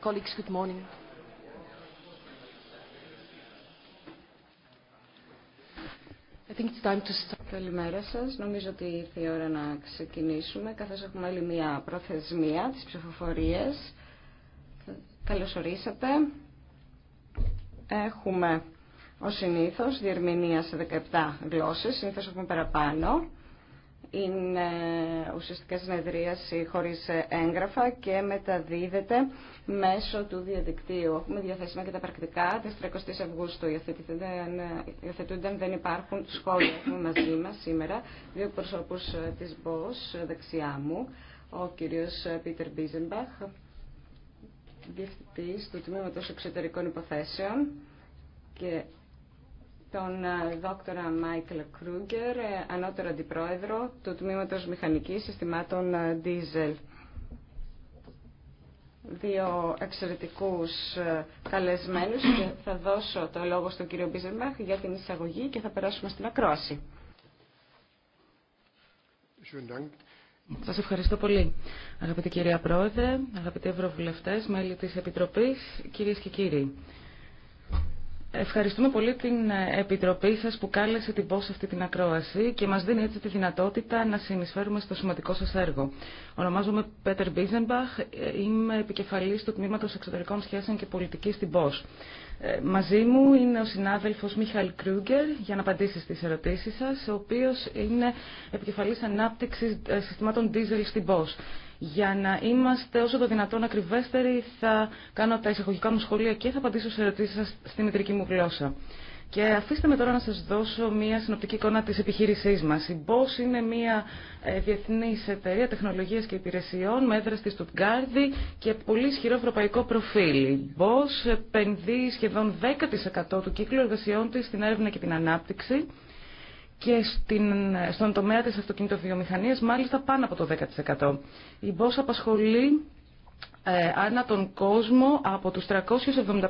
Colleagues, good morning. I think it's time to start. Καλημέρα σα, Νομίζω ότι ήρθε η ώρα να ξεκινήσουμε, καθώς έχουμε άλλη μία προθεσμία της ψηφοφορίας. Καλώς ορίσατε. Έχουμε, ως συνήθω διερμηνία σε 17 γλώσσες. Συνήθω έχουμε παραπάνω είναι ουσιαστικά συνεδρίαση χωρίς έγγραφα και μεταδίδεται μέσω του διαδικτύου. Έχουμε διαθέσιμα και τα πρακτικά της 30 Αυγούστου. Υιοθετούνταν δεν υπάρχουν σχόλια. Έχουμε μαζί μας σήμερα δύο προσώπους της ΜΠΟΣ δεξιά μου, ο κύριος Πίτερ Μπίζενμπαχ, διευθυντής του Τμήματος Εξωτερικών Υποθέσεων και τον ε, δόκτορα Μάικλ Κρούγκερ, ε, ανώτερο αντιπρόεδρο του Τμήματος Μηχανικής Συστημάτων ε, Diesel. Δύο εξαιρετικούς καλεσμένους και θα δώσω το λόγο στον κύριο Μπίζερμαχ για την εισαγωγή και θα περάσουμε στην ακρόαση. Σας ευχαριστώ πολύ. Αγαπητή κυρία Πρόεδρε, αγαπητοί Ευρωβουλευτές, μέλη της Επιτροπής, κυρίες και κύριοι. Ευχαριστούμε πολύ την ε, Επιτροπή σας που κάλεσε την ΠΟΣ αυτή την ακρόαση και μας δίνει έτσι τη δυνατότητα να συνεισφέρουμε στο σημαντικό σας έργο. Ονομάζομαι Πέτερ Μπίζενμπαχ, ε, είμαι επικεφαλής του Τμήματος Εξωτερικών Σχέσεων και Πολιτικής στην ΠΟΣ. Ε, μαζί μου είναι ο συνάδελφος Μίχαλ Κρούγκερ για να απαντήσει στις ερωτήσεις σας, ο οποίος είναι επικεφαλής ανάπτυξης συστημάτων diesel στην ΠΟΣ. Για να είμαστε όσο το δυνατόν ακριβέστεροι θα κάνω τα εισαγωγικά μου σχόλια και θα απαντήσω σε ερωτήσει σα στη μητρική μου γλώσσα. Και αφήστε με τώρα να σας δώσω μια συνοπτική εικόνα της επιχείρησής μας. Η BOSS είναι μια ε, διεθνής εταιρεία τεχνολογίας και υπηρεσιών με έδρα στη Στουτγκάρδη και πολύ ισχυρό ευρωπαϊκό προφίλ. Η BOS επενδύει σχεδόν 10% του κύκλου εργασιών της στην έρευνα και την ανάπτυξη και στην, στον τομέα της αυτοκινητοβιομηχανίας μάλιστα πάνω από το 10%. Η Bosch απασχολεί ε, ανά τον κόσμο από τους 375.000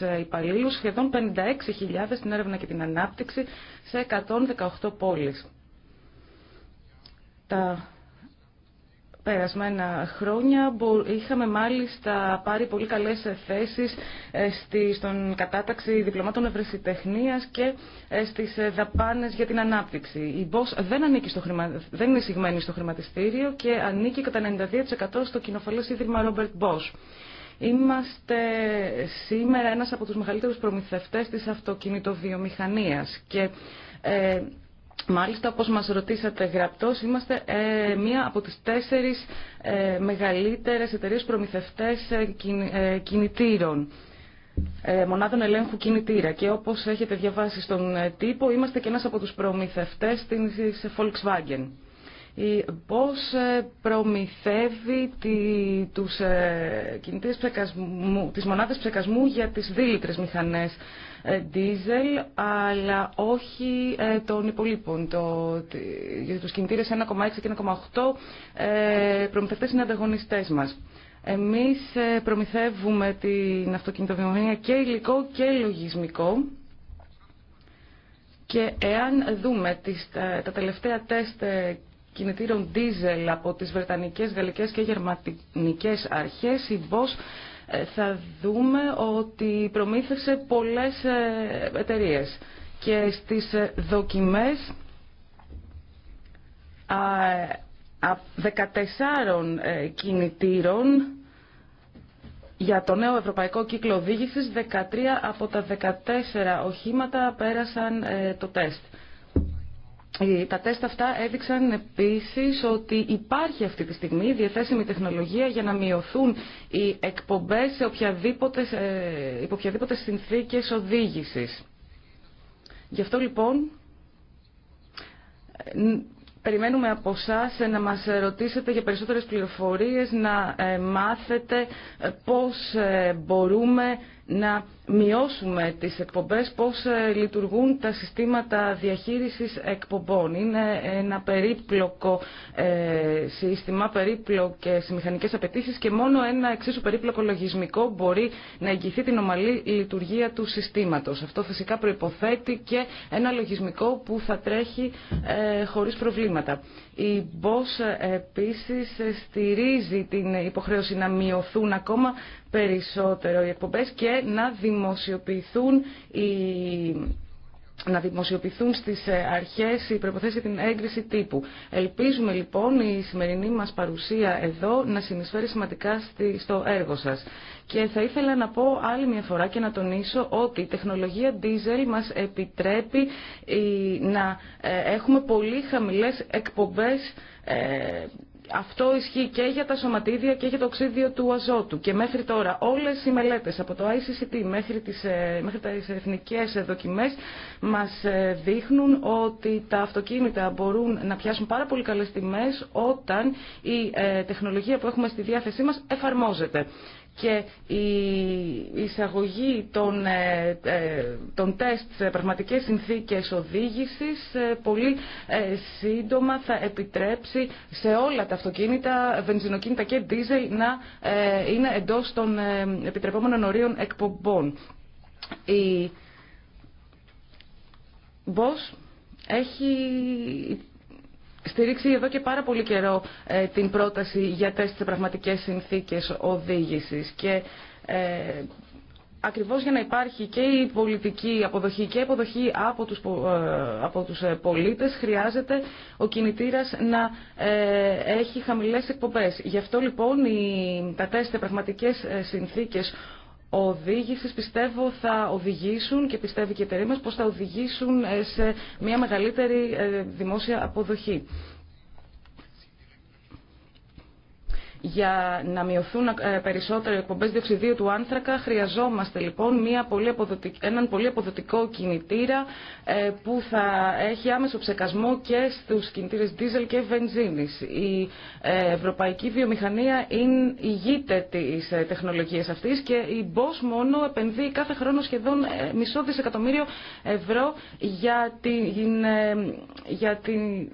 ε, υπαλλήλους, σχεδόν 56.000 στην έρευνα και την ανάπτυξη σε 118 πόλεις. Τα περασμένα χρόνια. Είχαμε μάλιστα πάρει πολύ καλές θέσεις ε, στον κατάταξη διπλωμάτων ευρεσιτεχνίας και ε, στις ε, δαπάνες για την ανάπτυξη. Η BOS δεν, ανήκει στο δεν είναι συγμένη στο χρηματιστήριο και ανήκει κατά 92% στο κοινοφαλές ίδρυμα Robert Bosch. Είμαστε σήμερα ένας από τους μεγαλύτερους προμηθευτές της αυτοκινητοβιομηχανίας και Μάλιστα, όπως μας ρωτήσατε γραπτός, είμαστε ε, μία από τις τέσσερις ε, μεγαλύτερες εταιρείες προμηθευτές ε, ε κινητήρων, ε, μονάδων ελέγχου κινητήρα. Και όπως έχετε διαβάσει στον τύπο, είμαστε και ένας από τους προμηθευτές της Volkswagen πώς ε, προμηθεύει τη, τους ε, ψεκασμού, τις μονάδες ψεκασμού για τις δίλητρες μηχανές ε, diesel αλλά όχι ε, των υπολείπων. Το, για τους κινητήρες 1,6 και 1,8 ε, προμηθευτές είναι ανταγωνιστές μας. Εμείς προμηθεύουμε την αυτοκινητοβιομηχανία και υλικό και λογισμικό. Και εάν δούμε τις, τα, τελευταία τεστ κινητήρων diesel από τις Βρετανικές, Γαλλικές και Γερμανικές αρχές, η BOS ε, θα δούμε ότι προμήθευσε πολλές ε, εταιρείες και στις ε, δοκιμές 14 κινητήρων για το νέο ευρωπαϊκό κύκλο οδήγησης 13 από τα 14 οχήματα πέρασαν το τεστ. Ε, τα τεστ αυτά έδειξαν επίσης ότι υπάρχει αυτή τη στιγμή διαθέσιμη τεχνολογία για να μειωθούν οι εκπομπές σε οποιαδήποτε, υπό οποιαδήποτε συνθήκες οδήγησης. Γι' αυτό λοιπόν ε, περιμένουμε από εσά να μας ρωτήσετε για περισσότερες πληροφορίες, να ε, μάθετε πώς μπορούμε να μειώσουμε τις εκπομπές, πώς ε, λειτουργούν τα συστήματα διαχείρισης εκπομπών. Είναι ένα περίπλοκο ε, σύστημα, περίπλοκες μηχανικές απαιτήσεις και μόνο ένα εξίσου περίπλοκο λογισμικό μπορεί να εγγυηθεί την ομαλή λειτουργία του συστήματος. Αυτό φυσικά προϋποθέτει και ένα λογισμικό που θα τρέχει ε, χωρίς προβλήματα. Η BOS επίσης στηρίζει την υποχρέωση να μειωθούν ακόμα περισσότερο οι εκπομπές και να δημοσιοποιηθούν οι να δημοσιοποιηθούν στις ε, αρχές οι προποθέσεις για την έγκριση τύπου. Ελπίζουμε λοιπόν η σημερινή μας παρουσία εδώ να συνεισφέρει σημαντικά στο έργο σας. Και θα ήθελα να πω άλλη μια φορά και να τονίσω ότι η τεχνολογία diesel μας επιτρέπει ε, να ε, έχουμε πολύ χαμηλές εκπομπές αυτό ισχύει και για τα σωματίδια και για το οξύδιο του αζότου. Και μέχρι τώρα όλες οι μελέτες από το ICCT μέχρι τις, ε, μέχρι τις εθνικές δοκιμές μας ε, δείχνουν ότι τα αυτοκίνητα μπορούν να πιάσουν πάρα πολύ καλές τιμές όταν η ε, τεχνολογία που έχουμε στη διάθεσή μας εφαρμόζεται και η εισαγωγή των, ε, ε, των τεστ σε πραγματικές συνθήκες οδήγησης ε, πολύ σύντομα θα επιτρέψει σε όλα τα αυτοκίνητα, βενζινοκίνητα και δίζελ να είναι εντός των επιτρεπόμενων ορίων εκπομπών. Η Bosch έχει στηρίξει εδώ και πάρα πολύ καιρό ε, την πρόταση για τεστ σε πραγματικές συνθήκες οδήγησης και ε, ακριβώς για να υπάρχει και η πολιτική αποδοχή και η αποδοχή από τους, ε, από τους πολίτες χρειάζεται ο κινητήρας να έχει χαμηλές εκπομπές. Γι' αυτό λοιπόν η, τα τεστ σε πραγματικές συνθήκες οδήγηση πιστεύω θα οδηγήσουν και πιστεύει και η εταιρεία μα πως θα οδηγήσουν ε, σε μια μεγαλύτερη ε, δημόσια αποδοχή. Για να μειωθούν ε, περισσότερο οι εκπομπές διοξιδίου του άνθρακα χρειαζόμαστε λοιπόν μια πολύ αποδοτικ... έναν πολύ αποδοτικό κινητήρα ε, που θα έχει άμεσο ψεκασμό και στους κινητήρες δίζελ και βενζίνης. Η ε, ευρωπαϊκή βιομηχανία είναι ηγείται της τεχνολογίας αυτής και η ΜΠΟΣ μόνο επενδύει κάθε χρόνο σχεδόν μισό δισεκατομμύριο ευρώ για την... Για την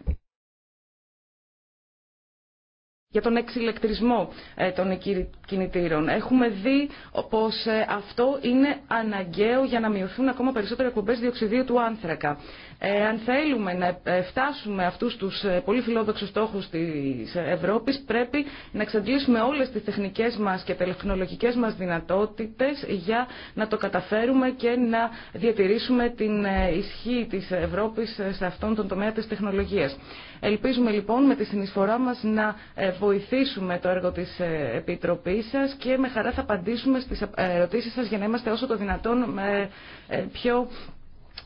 για τον εξηλεκτρισμό ε, των κινητήρων. Έχουμε δει πως ε, αυτό είναι αναγκαίο για να μειωθούν ακόμα περισσότερο εκπομπές διοξιδίου του άνθρακα. Ε, αν θέλουμε να ε, φτάσουμε αυτούς τους ε, πολύ φιλόδοξους στόχους της Ευρώπης πρέπει να εξαντλήσουμε όλες τις τεχνικές μας και τεχνολογικές μας δυνατότητες για να το καταφέρουμε και να διατηρήσουμε την ισχύ της Ευρώπης σε αυτόν τον τομέα της τεχνολογίας. Ελπίζουμε λοιπόν με τη συνεισφορά μας να βοηθήσουμε το έργο της Επιτροπής σας και με χαρά θα απαντήσουμε στις ερωτήσεις σας για να είμαστε όσο το δυνατόν πιο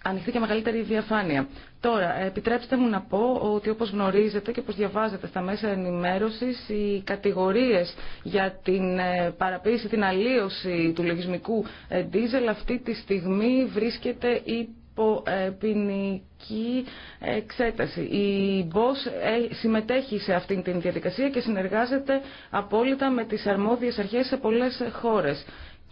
ανοιχτή και μεγαλύτερη διαφάνεια. Τώρα, επιτρέψτε μου να πω ότι όπως γνωρίζετε και όπως διαβάζετε στα μέσα ενημέρωσης, οι κατηγορίες για την ε, παραποίηση, την αλλίωση του λογισμικού ντίζελ αυτή τη στιγμή βρίσκεται υπό ε, ποινική εξέταση. Η ΜΠΟΣ ε, συμμετέχει σε αυτήν την διαδικασία και συνεργάζεται απόλυτα με τις αρμόδιες αρχές σε πολλές χώρες.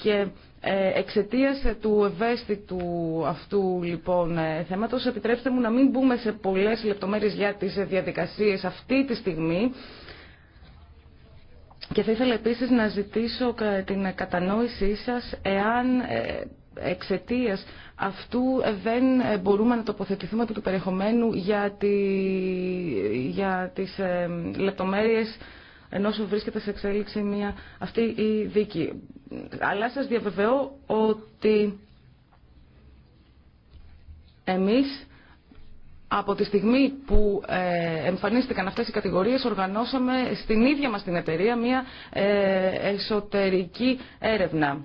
Και ε, εξαιτία του ευαίσθητου αυτού λοιπόν ε, θέματος, επιτρέψτε μου να μην μπούμε σε πολλές λεπτομέρειες για τις ε, διαδικασίες αυτή τη στιγμή. Και θα ήθελα επίσης να ζητήσω την κατανόησή σας εάν εξαιτία αυτού δεν μπορούμε να τοποθετηθούμε του περιεχομένου για, τη, για τις λεπτομέρειες ενώ σου βρίσκεται σε εξέλιξη μια, αυτή η δίκη. Αλλά σας διαβεβαιώ ότι εμείς από τη στιγμή που ε, εμφανίστηκαν αυτές οι κατηγορίες οργανώσαμε στην ίδια μας την εταιρεία μια ε, εσωτερική έρευνα.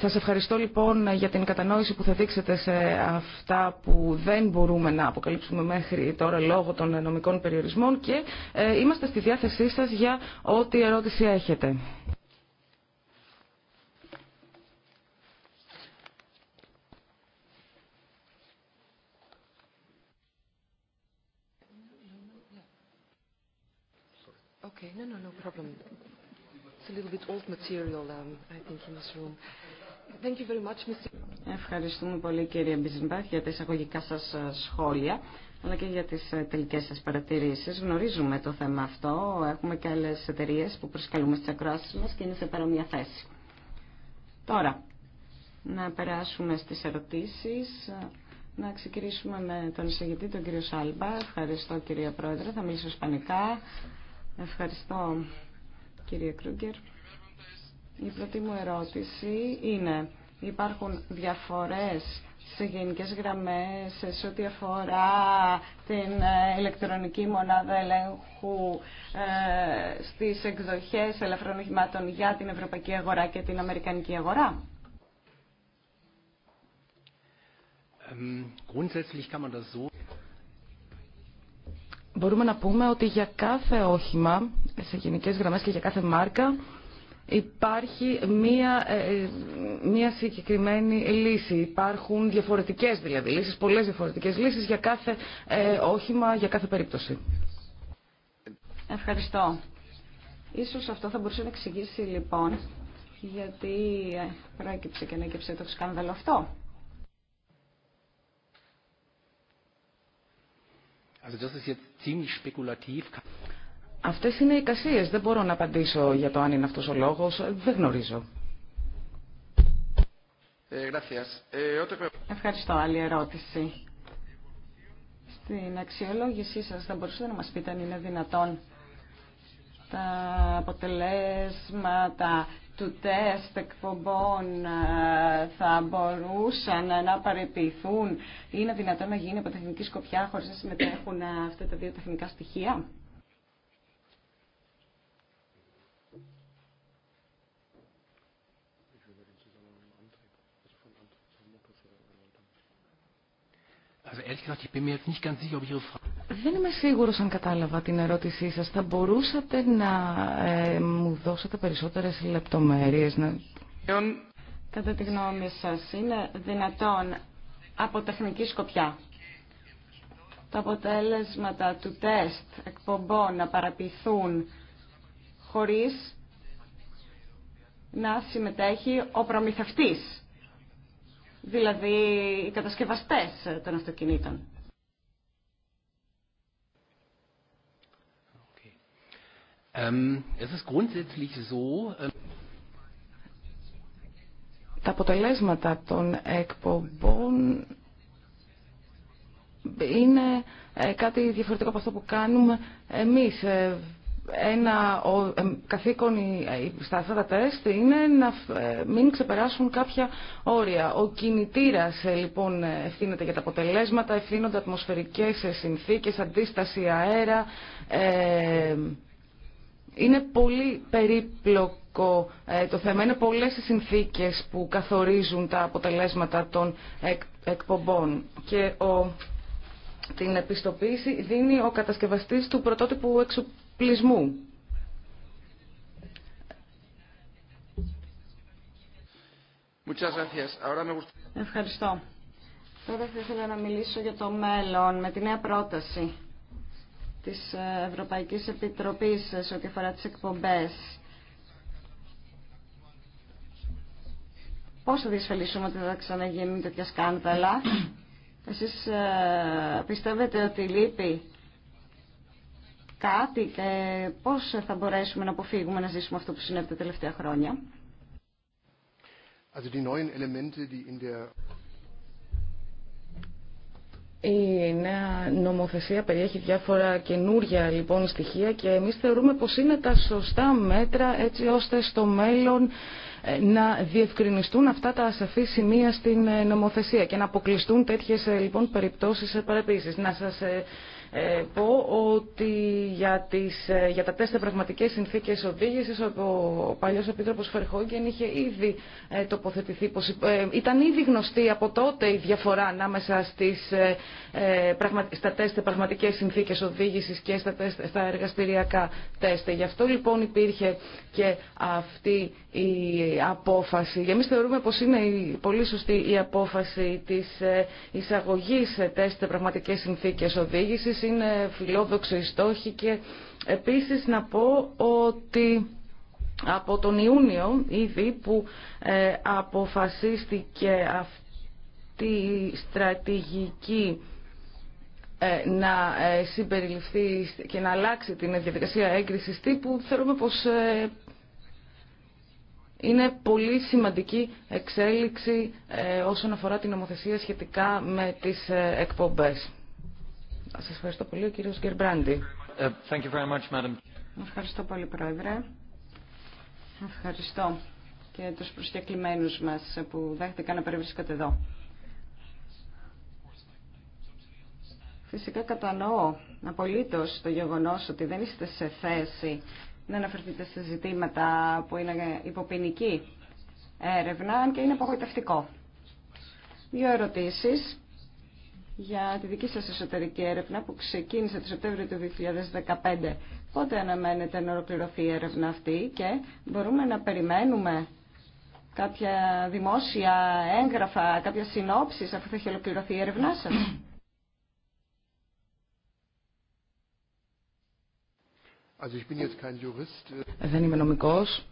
Σας ευχαριστώ λοιπόν για την κατανόηση που θα δείξετε σε αυτά που δεν μπορούμε να αποκαλύψουμε μέχρι τώρα λόγω των νομικών περιορισμών και ε, είμαστε στη διάθεσή σας για ό,τι ερώτηση έχετε. Okay, no, no, no problem. It's a little bit old material, um, I think, Ευχαριστούμε πολύ κύριε Μπιζιμπάχ για τα εισαγωγικά σας ε, σχόλια αλλά και για τις ε, τελικές σας παρατηρήσεις. Γνωρίζουμε το θέμα αυτό, έχουμε και άλλες εταιρείε που προσκαλούμε στις ακροάσεις μας και είναι σε παρόμοια θέση. Τώρα, να περάσουμε στις ερωτήσεις. Να ξεκινήσουμε με τον εισηγητή, τον κύριο Σάλμπα. Ευχαριστώ κύριε Πρόεδρε, θα μιλήσω σπανικά. Ευχαριστώ κύριε Κρούγκερ. Η πρώτη μου ερώτηση είναι, υπάρχουν διαφορές σε γενικές γραμμές σε ό,τι αφορά την ε, ηλεκτρονική μονάδα ελέγχου ε, στις εκδοχές ελαφρών οχημάτων για την ευρωπαϊκή αγορά και την αμερικανική αγορά. Μπορούμε να πούμε ότι για κάθε όχημα, σε γενικές γραμμές και για κάθε μάρκα, υπάρχει μία, ε, ε, μία συγκεκριμένη λύση. Υπάρχουν διαφορετικές δηλαδή λύσεις, πολλές διαφορετικές λύσεις για κάθε ε, όχημα, για κάθε περίπτωση. Ευχαριστώ. Ίσως αυτό θα μπορούσε να εξηγήσει λοιπόν γιατί πρόκειψε και ανέκυψε το σκάνδαλο αυτό. Also das ist jetzt ziemlich spekulativ. Αυτές είναι οι κασίες. Δεν μπορώ να απαντήσω για το αν είναι αυτός ο λόγος. Δεν γνωρίζω. Ε, ε, Ευχαριστώ. Άλλη ερώτηση. Στην αξιολόγησή σας θα μπορούσατε να μας πείτε αν είναι δυνατόν τα αποτελέσματα του τεστ εκπομπών ε, θα μπορούσαν να παρεποιηθούν. Είναι δυνατόν να γίνει από τεχνική σκοπιά χωρίς να συμμετέχουν αυτά τα δύο τεχνικά στοιχεία. Δεν είμαι σίγουρος αν κατάλαβα την ερώτησή σας. Θα μπορούσατε να ε, μου δώσετε περισσότερες λεπτομέρειες. Κατά τη γνώμη σας, είναι δυνατόν από τεχνική σκοπιά τα αποτέλεσματα του τεστ εκπομπών να παραποιηθούν χωρίς να συμμετέχει ο προμηθευτής δηλαδή οι κατασκευαστές των αυτοκινήτων. Ähm, ähm, Τα αποτελέσματα των εκπομπών είναι ε, κάτι διαφορετικό από αυτό που κάνουμε εμείς. Ε, ένα ο, ε, καθήκον στα αυτά τα τεστ είναι να ε, μην ξεπεράσουν κάποια όρια. Ο κινητήρας ε, λοιπόν ευθύνεται για τα αποτελέσματα, ευθύνονται ατμοσφαιρικές συνθήκες, αντίσταση αέρα. Ε, είναι πολύ περίπλοκο το θέμα. Είναι πολλές οι συνθήκες που καθορίζουν τα αποτελέσματα των εκπομπών. Και ο, την επιστοποίηση δίνει ο κατασκευαστής του πρωτότυπου εξου, Ευχαριστώ. Τώρα θα ήθελα να μιλήσω για το μέλλον με τη νέα πρόταση της Ευρωπαϊκής Επιτροπής σε ό,τι αφορά τις εκπομπές. Πώς θα διασφαλίσουμε ότι θα ξαναγίνουν τέτοια σκάνδαλα. Εσείς ε, πιστεύετε ότι λείπει κάτι και πώς θα μπορέσουμε να αποφύγουμε να ζήσουμε αυτό που συνέβη τα τελευταία χρόνια. Η νέα νομοθεσία περιέχει διάφορα καινούργια λοιπόν στοιχεία και εμείς θεωρούμε πως είναι τα σωστά μέτρα έτσι ώστε στο μέλλον ε, να διευκρινιστούν αυτά τα ασαφή σημεία στην ε, νομοθεσία και να αποκλειστούν τέτοιες ε, λοιπόν περιπτώσεις παρεπίσεις. Να σας ε, πω ότι για, τις, ε, για τα τέσσερα πραγματικές συνθήκες οδήγησης ο παλιός Επίτροπος Φερχόγγεν είχε ήδη ε, τοποθετηθεί πως ήταν ήδη γνωστή από τότε η διαφορά ανάμεσα στις, στα τέσσερα πραγματικές συνθήκες οδήγησης και στα, τεστ, εργαστηριακά τέστε. Γι' αυτό λοιπόν υπήρχε και αυτή η απόφαση. Εμείς θεωρούμε πως είναι η, πολύ σωστή η απόφαση της εισαγωγής τέστε πραγματικές συνθήκες οδήγησης είναι φιλόδοξοι στόχοι και επίσης να πω ότι από τον Ιούνιο ήδη που ε, αποφασίστηκε αυτή η στρατηγική ε, να ε, συμπεριληφθεί και να αλλάξει την διαδικασία έγκρισης τύπου θεωρούμε πως είναι πολύ σημαντική εξέλιξη όσον αφορά την νομοθεσία σχετικά με τις εκπομπές. Σας ευχαριστώ πολύ, ο κύριος Γκέρμπραντι. Ε, ευχαριστώ πολύ, Πρόεδρε. Ευχαριστώ και τους προσκεκλημένους μας που δέχτηκαν να περιβρίσκονται εδώ. Φυσικά κατανοώ απολύτως το γεγονός ότι δεν είστε σε θέση να αναφερθείτε σε ζητήματα που είναι υποποινική έρευνα, αν και είναι απογοητευτικό. Δύο ερωτήσεις για τη δική σας εσωτερική έρευνα που ξεκίνησε το Σεπτέμβριο του 2015. Πότε αναμένεται να ολοκληρωθεί η έρευνα αυτή και μπορούμε να περιμένουμε κάποια δημόσια έγγραφα, κάποια συνόψεις αφού θα έχει ολοκληρωθεί η έρευνά σας. Δεν είμαι νομικός,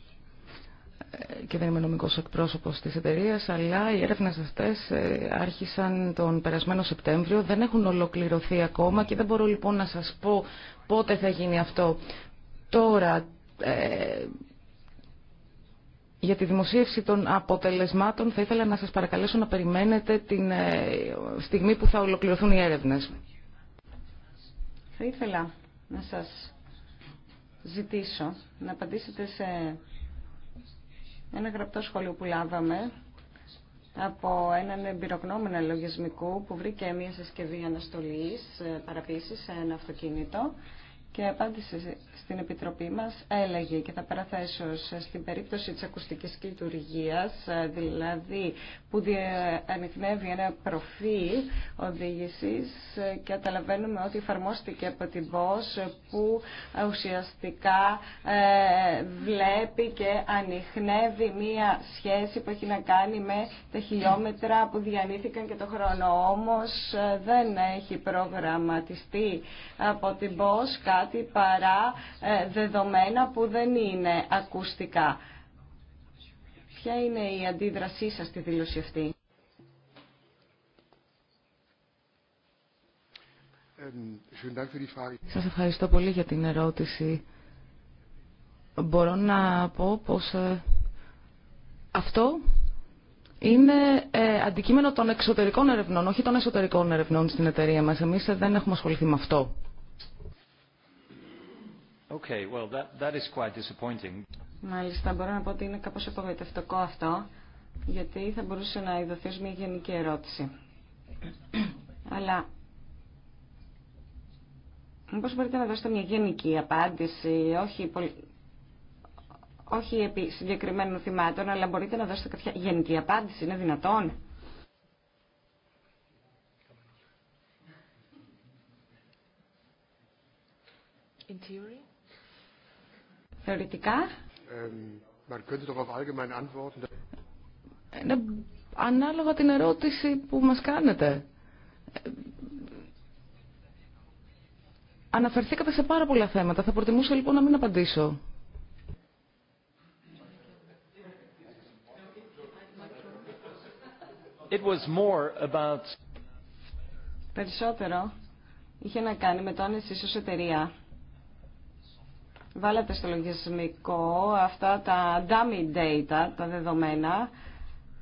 και δεν είμαι νομικός εκπρόσωπος της εταιρεία, αλλά οι έρευνες αυτές ε, άρχισαν τον περασμένο Σεπτέμβριο, δεν έχουν ολοκληρωθεί ακόμα και δεν μπορώ λοιπόν να σας πω πότε θα γίνει αυτό. Τώρα, ε, για τη δημοσίευση των αποτελεσμάτων θα ήθελα να σας παρακαλέσω να περιμένετε τη ε, στιγμή που θα ολοκληρωθούν οι έρευνες. Θα ήθελα να σας ζητήσω να απαντήσετε σε ένα γραπτό σχόλιο που λάβαμε από έναν εμπειρογνώμονα λογισμικού που βρήκε μια συσκευή αναστολής ε, παραπίσης σε ένα αυτοκίνητο και απάντησε στην Επιτροπή μας έλεγε και θα παραθέσω στην περίπτωση της ακουστικής λειτουργίας, ε, δηλαδή που ανοιχνεύει ένα προφίλ οδήγησης ε, και καταλαβαίνουμε ότι εφαρμόστηκε από την ΠΟΣ που ουσιαστικά ε, βλέπει και ανοιχνεύει μία σχέση που έχει να κάνει με τα χιλιόμετρα που διανύθηκαν και το χρόνο. Όμως δεν έχει προγραμματιστεί από την ΠΟΣ κάτι παρά ε, δεδομένα που δεν είναι ακουστικά. Ποια είναι η αντίδρασή σας στη δήλωση αυτή. Σας ευχαριστώ πολύ για την ερώτηση. Μπορώ να πω πως ε, αυτό είναι ε, αντικείμενο των εξωτερικών ερευνών, όχι των εσωτερικών ερευνών στην εταιρεία μας. Εμείς δεν έχουμε ασχοληθεί με αυτό. Okay, well, that, that is quite disappointing. Μάλιστα, μπορώ να πω ότι είναι κάπως απογοητευτικό αυτό, γιατί θα μπορούσε να ειδωθεί μια γενική ερώτηση. Αλλά μήπως μπορείτε να δώσετε μια γενική απάντηση, όχι, πολυ... όχι επί συγκεκριμένων θυμάτων, αλλά μπορείτε να δώσετε κάποια γενική απάντηση, είναι δυνατόν. In θεωρητικά. Είναι ανάλογα την ερώτηση που μας κάνετε. Αναφερθήκατε σε πάρα πολλά θέματα. Θα προτιμούσα λοιπόν να μην απαντήσω. It was more about... Περισσότερο είχε να κάνει με το αν εσείς ως εταιρεία βάλατε στο λογισμικό αυτά τα dummy data, τα δεδομένα,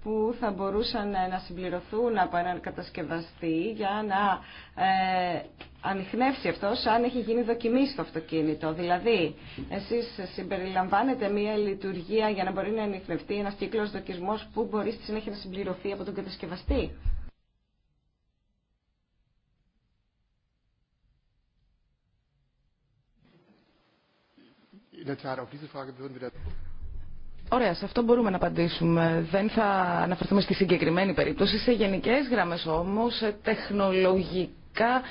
που θα μπορούσαν ε, να συμπληρωθούν από έναν κατασκευαστή για να ε, ανοιχνεύσει αυτό αν έχει γίνει δοκιμή στο αυτοκίνητο. Δηλαδή, εσείς συμπεριλαμβάνετε μία λειτουργία για να μπορεί να ανοιχνευτεί ένας κύκλος δοκισμός που μπορεί στη συνέχεια να συμπληρωθεί από τον κατασκευαστή. Ωραία, σε αυτό μπορούμε να απαντήσουμε. Δεν θα αναφερθούμε στη συγκεκριμένη περίπτωση. Σε γενικέ γραμμές όμως, τεχνολογικά...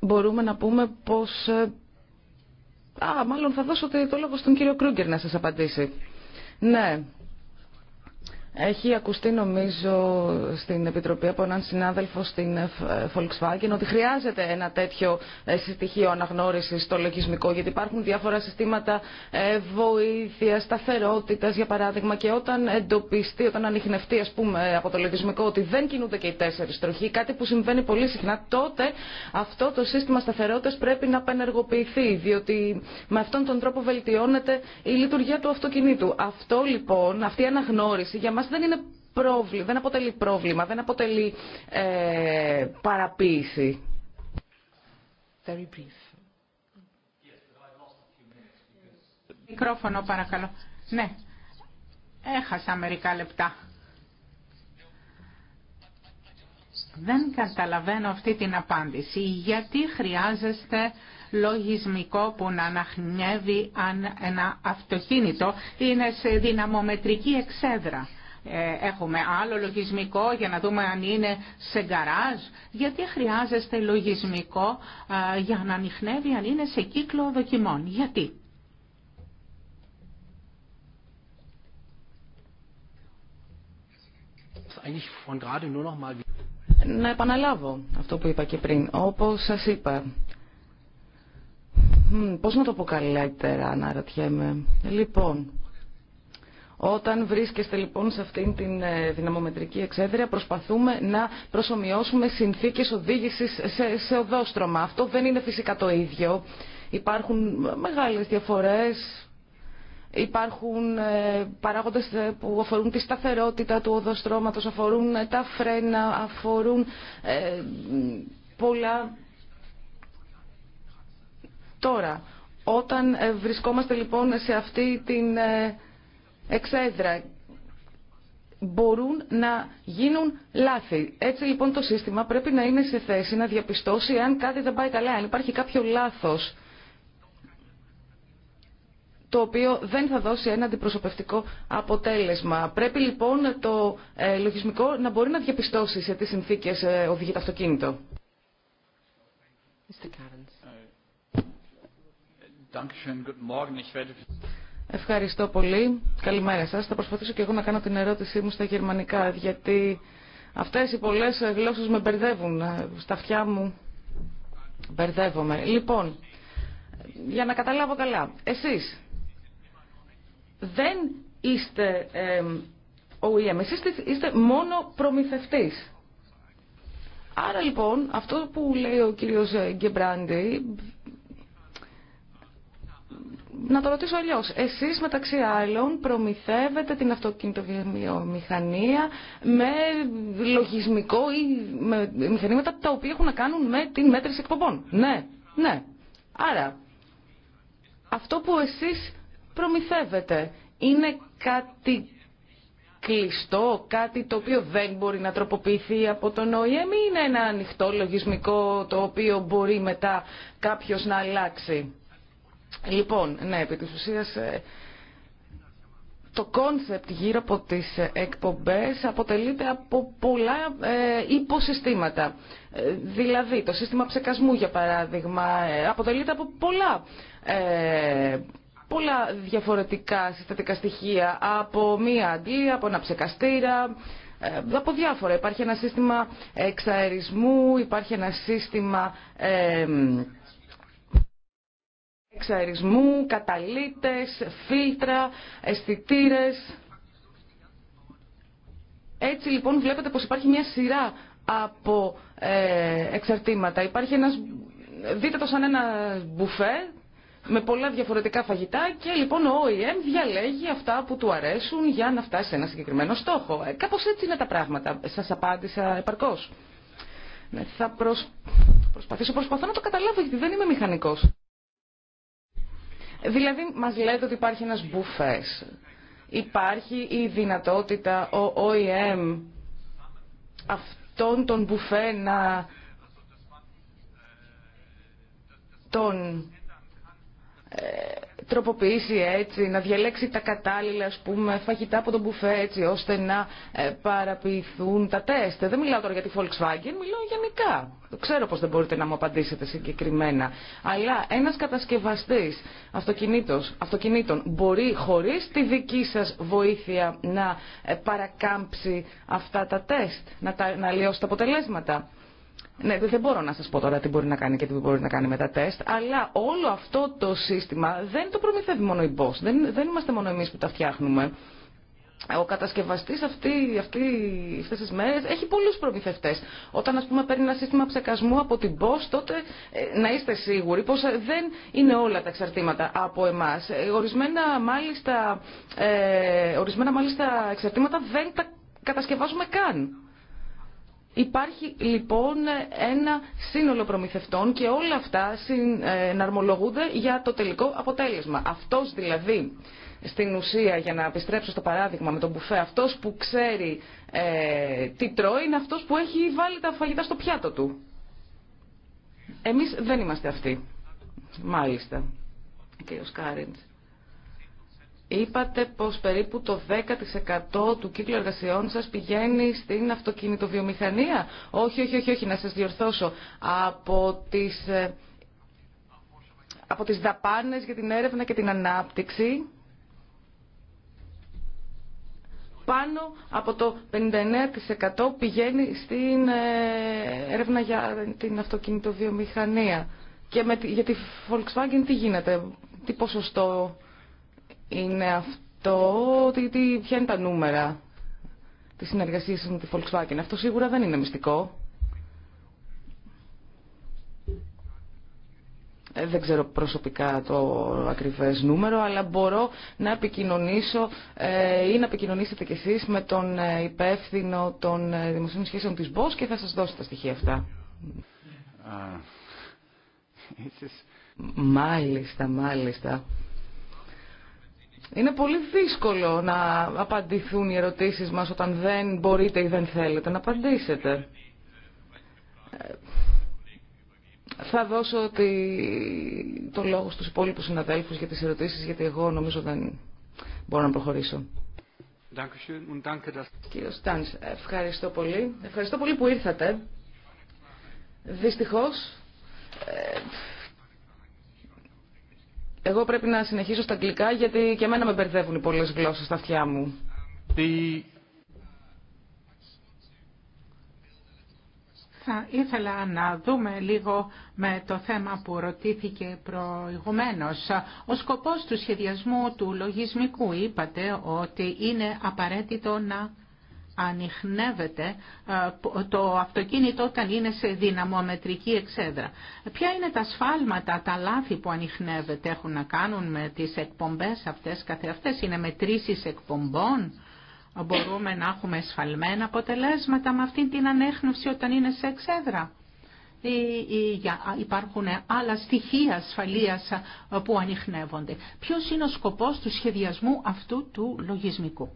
Μπορούμε να πούμε πως... Ε, α, μάλλον θα δώσω το λόγο στον κύριο Κρούγκερ να σας απαντήσει. Ναι, έχει ακουστεί νομίζω στην Επιτροπή από έναν συνάδελφο στην Volkswagen ότι χρειάζεται ένα τέτοιο ε, στοιχείο αναγνώριση στο λογισμικό γιατί υπάρχουν διάφορα συστήματα ε, βοήθεια, σταθερότητα για παράδειγμα και όταν εντοπιστεί, όταν ανοιχνευτεί ας πούμε από το λογισμικό ότι δεν κινούνται και οι τέσσερι τροχοί, κάτι που συμβαίνει πολύ συχνά, τότε αυτό το σύστημα σταθερότητα πρέπει να απενεργοποιηθεί διότι με αυτόν τον τρόπο βελτιώνεται η λειτουργία του αυτοκινήτου. Αυτό λοιπόν, αυτή η αναγνώριση για δεν είναι πρόβλημα, δεν αποτελεί πρόβλημα, δεν αποτελεί ε, παραποίηση. Μικρόφωνο παρακαλώ. Ναι, έχασα μερικά λεπτά. Δεν καταλαβαίνω αυτή την απάντηση. Γιατί χρειάζεστε λογισμικό που να αναχνεύει αν ένα αυτοκίνητο είναι σε δυναμομετρική εξέδρα. Ε, έχουμε άλλο λογισμικό για να δούμε αν είναι σε γκαράζ. Γιατί χρειάζεστε λογισμικό ε, για να ανοιχνεύει αν είναι σε κύκλο δοκιμών. Γιατί. Να επαναλάβω αυτό που είπα και πριν. Όπως σας είπα, πώς να το πω καλύτερα, αναρωτιέμαι. Λοιπόν, όταν βρίσκεστε λοιπόν σε αυτήν την ε, δυναμομετρική εξέδρια προσπαθούμε να προσωμιώσουμε συνθήκες οδήγησης σε, σε οδόστρωμα. Αυτό δεν είναι φυσικά το ίδιο. Υπάρχουν μεγάλες διαφορές, υπάρχουν ε, παράγοντες ε, που αφορούν τη σταθερότητα του οδοστρώματος, αφορούν τα φρένα, αφορούν πολλά. Τώρα, όταν βρισκόμαστε λοιπόν σε αυτή την εξέδρα. Μπορούν να γίνουν λάθη. Έτσι λοιπόν το σύστημα πρέπει να είναι σε θέση να διαπιστώσει αν κάτι δεν πάει καλά, αν υπάρχει κάποιο λάθος το οποίο δεν θα δώσει ένα αντιπροσωπευτικό αποτέλεσμα. Πρέπει λοιπόν το ε, λογισμικό να μπορεί να διαπιστώσει σε τι συνθήκες ε, οδηγεί το αυτοκίνητο. Ευχαριστώ πολύ. Καλημέρα σας. Θα προσπαθήσω και εγώ να κάνω την ερώτησή μου στα γερμανικά, γιατί αυτές οι πολλές γλώσσες με μπερδεύουν. Στα αυτιά μου μπερδεύομαι. Λοιπόν, για να καταλάβω καλά, εσείς δεν είστε ε, OEM, εσείς είστε μόνο προμηθευτής. Άρα λοιπόν, αυτό που λέει ο κύριος Γκεμπράντι να το ρωτήσω αλλιώ. Εσείς μεταξύ άλλων προμηθεύετε την αυτοκινητοβιομηχανία με λογισμικό ή με μηχανήματα τα οποία έχουν να κάνουν με την μέτρηση εκπομπών. Ναι, ναι. Άρα, αυτό που εσείς προμηθεύετε είναι κάτι κλειστό, κάτι το οποίο δεν μπορεί να τροποποιηθεί από τον ΟΗΕΜ ή είναι ένα ανοιχτό λογισμικό το οποίο μπορεί μετά κάποιος να αλλάξει. Λοιπόν, ναι, επί της ουσίας ε, το κόνσεπτ γύρω από τις εκπομπές αποτελείται από πολλά ε, υποσυστήματα. Ε, δηλαδή, το σύστημα ψεκασμού, για παράδειγμα, αποτελείται από πολλά, πολλά διαφορετικά συστατικά στοιχεία. Από μία αντλία, από ένα ψεκαστήρα, από διάφορα. Υπάρχει ένα σύστημα εξαερισμού, υπάρχει ένα σύστημα εξαερισμού, καταλύτες, φίλτρα, αισθητήρε. Έτσι λοιπόν βλέπετε πως υπάρχει μια σειρά από ε, εξαρτήματα. Υπάρχει ένας, δείτε το σαν ένα μπουφέ με πολλά διαφορετικά φαγητά και λοιπόν ο OEM διαλέγει αυτά που του αρέσουν για να φτάσει σε ένα συγκεκριμένο στόχο. Ε, κάπως έτσι είναι τα πράγματα. Σας απάντησα επαρκώς. Ναι, θα προσ... προσπαθήσω, προσπαθώ να το καταλάβω γιατί δεν είμαι μηχανικός. Δηλαδή μας λέτε ότι υπάρχει ένας μπουφές. Υπάρχει η δυνατότητα ο OEM αυτόν τον μπουφέ να τον ε, τροποποιήσει έτσι, να διαλέξει τα κατάλληλα ας πούμε, φαγητά από τον μπουφέ έτσι, ώστε να ε, παραποιηθούν τα τεστ. Δεν μιλάω τώρα για τη Volkswagen, μιλάω γενικά. Ξέρω πως δεν μπορείτε να μου απαντήσετε συγκεκριμένα. Αλλά ένας κατασκευαστής αυτοκινήτων μπορεί χωρίς τη δική σας βοήθεια να ε, παρακάμψει αυτά τα τεστ, να, να αλλοιώσει τα αποτελέσματα. Ναι, δεν μπορώ να σας πω τώρα τι μπορεί να κάνει και τι μπορεί να κάνει με τα τεστ, αλλά όλο αυτό το σύστημα δεν το προμηθεύει μόνο η BOS. δεν, δεν είμαστε μόνο εμείς που τα φτιάχνουμε. Ο κατασκευαστή αυτή, αυτή, αυτές μέρες έχει πολλούς προμηθευτές. Όταν ας πούμε παίρνει ένα σύστημα ψεκασμού από την BOS, τότε ε, να είστε σίγουροι πως ε, δεν είναι όλα τα εξαρτήματα από εμάς. ε, ορισμένα μάλιστα ε, εξαρτήματα δεν τα κατασκευάζουμε καν. Υπάρχει λοιπόν ένα σύνολο προμηθευτών και όλα αυτά συναρμολογούνται ε, για το τελικό αποτέλεσμα. Αυτός δηλαδή στην ουσία για να επιστρέψω στο παράδειγμα με τον μπουφέ αυτός που ξέρει ε, τι τρώει είναι αυτός που έχει βάλει τα φαγητά στο πιάτο του. Εμείς δεν είμαστε αυτοί. Μάλιστα. Κύριος Κάριντς. Είπατε πως περίπου το 10% του κύκλου εργασιών σας πηγαίνει στην αυτοκινητοβιομηχανία. Όχι, όχι, όχι, όχι, να σας διορθώσω. Από τις, ε, από τις δαπάνες για την έρευνα και την ανάπτυξη, πάνω από το 59% πηγαίνει στην ε, έρευνα για την αυτοκινητοβιομηχανία. Και με, για τη Volkswagen τι γίνεται, τι ποσοστό είναι αυτό, ότι τι, ποια είναι τα νούμερα της συνεργασίας σας με τη Volkswagen. Αυτό σίγουρα δεν είναι μυστικό. Ε, δεν ξέρω προσωπικά το ακριβές νούμερο, αλλά μπορώ να επικοινωνήσω ε, ή να επικοινωνήσετε κι εσείς με τον ε, υπεύθυνο των δημοσίων σχέσεων της ΜΠΟΣ και θα σας δώσω τα στοιχεία αυτά. Uh, is... Μάλιστα, μάλιστα. Είναι πολύ δύσκολο να απαντηθούν οι ερωτήσεις μας όταν δεν μπορείτε ή δεν θέλετε να απαντήσετε. Ε, θα δώσω το λόγο στους υπόλοιπους συναδέλφους για τις ερωτήσεις, γιατί εγώ νομίζω δεν μπορώ να προχωρήσω. Κύριο Στάνς, ευχαριστώ πολύ. Ευχαριστώ πολύ που ήρθατε. Δυστυχώς, ε, εγώ πρέπει να συνεχίσω στα αγγλικά γιατί και εμένα με μπερδεύουν οι πολλές γλώσσες στα αυτιά μου. Θα ήθελα να δούμε λίγο με το θέμα που ρωτήθηκε προηγουμένως. Ο σκοπός του σχεδιασμού του λογισμικού είπατε ότι είναι απαραίτητο να ανοιχνεύεται ε, το αυτοκίνητο όταν είναι σε δυναμομετρική εξέδρα. Ποια είναι τα σφάλματα, τα λάθη που ανοιχνεύεται έχουν να κάνουν με τις εκπομπές αυτές καθεαυτές, είναι μετρήσεις εκπομπών, μπορούμε να έχουμε σφαλμένα αποτελέσματα με αυτή την ανέχνευση όταν είναι σε εξέδρα. Υπάρχουν άλλα στοιχεία ασφαλείας που ανοιχνεύονται. Ποιος είναι ο σκοπός του σχεδιασμού αυτού του λογισμικού.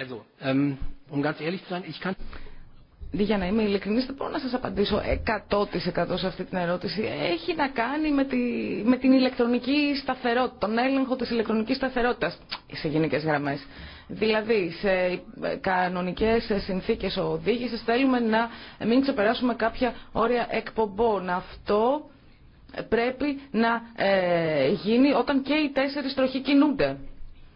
Also, ähm, um Για να είμαι ειλικρινής, δεν μπορώ να σας απαντήσω 100% σε αυτή την ερώτηση. Έχει να κάνει με, τη, με την ηλεκτρονική σταθερότητα, τον έλεγχο της ηλεκτρονικής σταθερότητας σε γενικέ γραμμές. Δηλαδή, σε κανονικές συνθήκες οδήγησης θέλουμε να μην ξεπεράσουμε κάποια όρια εκπομπών. Αυτό πρέπει να ε, γίνει όταν και οι τέσσερις τροχοί κινούνται.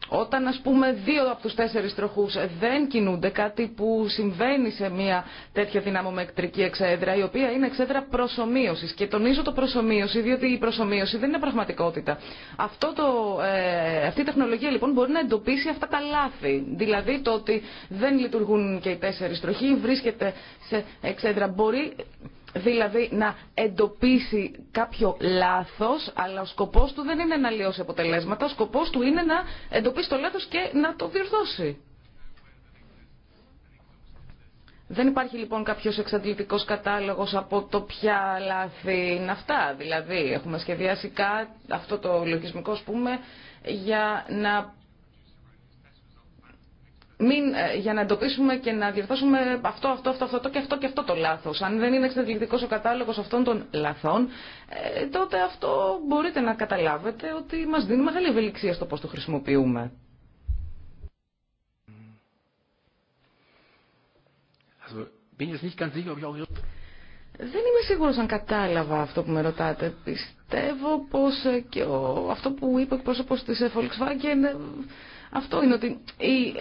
Όταν ας πούμε δύο από τους τέσσερις τροχούς δεν κινούνται, κάτι που συμβαίνει σε μια τέτοια δυναμομετρική εξέδρα, η οποία είναι εξέδρα προσωμείωσης. Και τονίζω το προσωμείωση, διότι η προσωμείωση δεν είναι πραγματικότητα. Αυτό το, ε, αυτή η τεχνολογία λοιπόν μπορεί να εντοπίσει αυτά τα λάθη. Δηλαδή το ότι δεν λειτουργούν και οι τέσσερις τροχοί, βρίσκεται σε εξέδρα. Μπορεί δηλαδή να εντοπίσει κάποιο λάθος, αλλά ο σκοπός του δεν είναι να λιώσει αποτελέσματα, ο σκοπός του είναι να εντοπίσει το λάθος και να το διορθώσει. Δεν υπάρχει λοιπόν κάποιος εξαντλητικός κατάλογος από το ποια λάθη είναι αυτά. Δηλαδή έχουμε σχεδιάσει αυτό το λογισμικό ας πούμε για να μην, ε, για να εντοπίσουμε και να διορθώσουμε αυτό, αυτό, αυτό, αυτό και αυτό και αυτό το λάθο. Αν δεν είναι εξαιρετικό ο κατάλογο αυτών των λαθών, ε, τότε αυτό μπορείτε να καταλάβετε ότι μα δίνει μεγάλη ευελιξία στο πώ το χρησιμοποιούμε. Δεν είμαι σίγουρος αν κατάλαβα αυτό που με ρωτάτε. Πιστεύω πως ε, και ο, αυτό που είπε ο εκπρόσωπος της Volkswagen αυτό είναι ότι η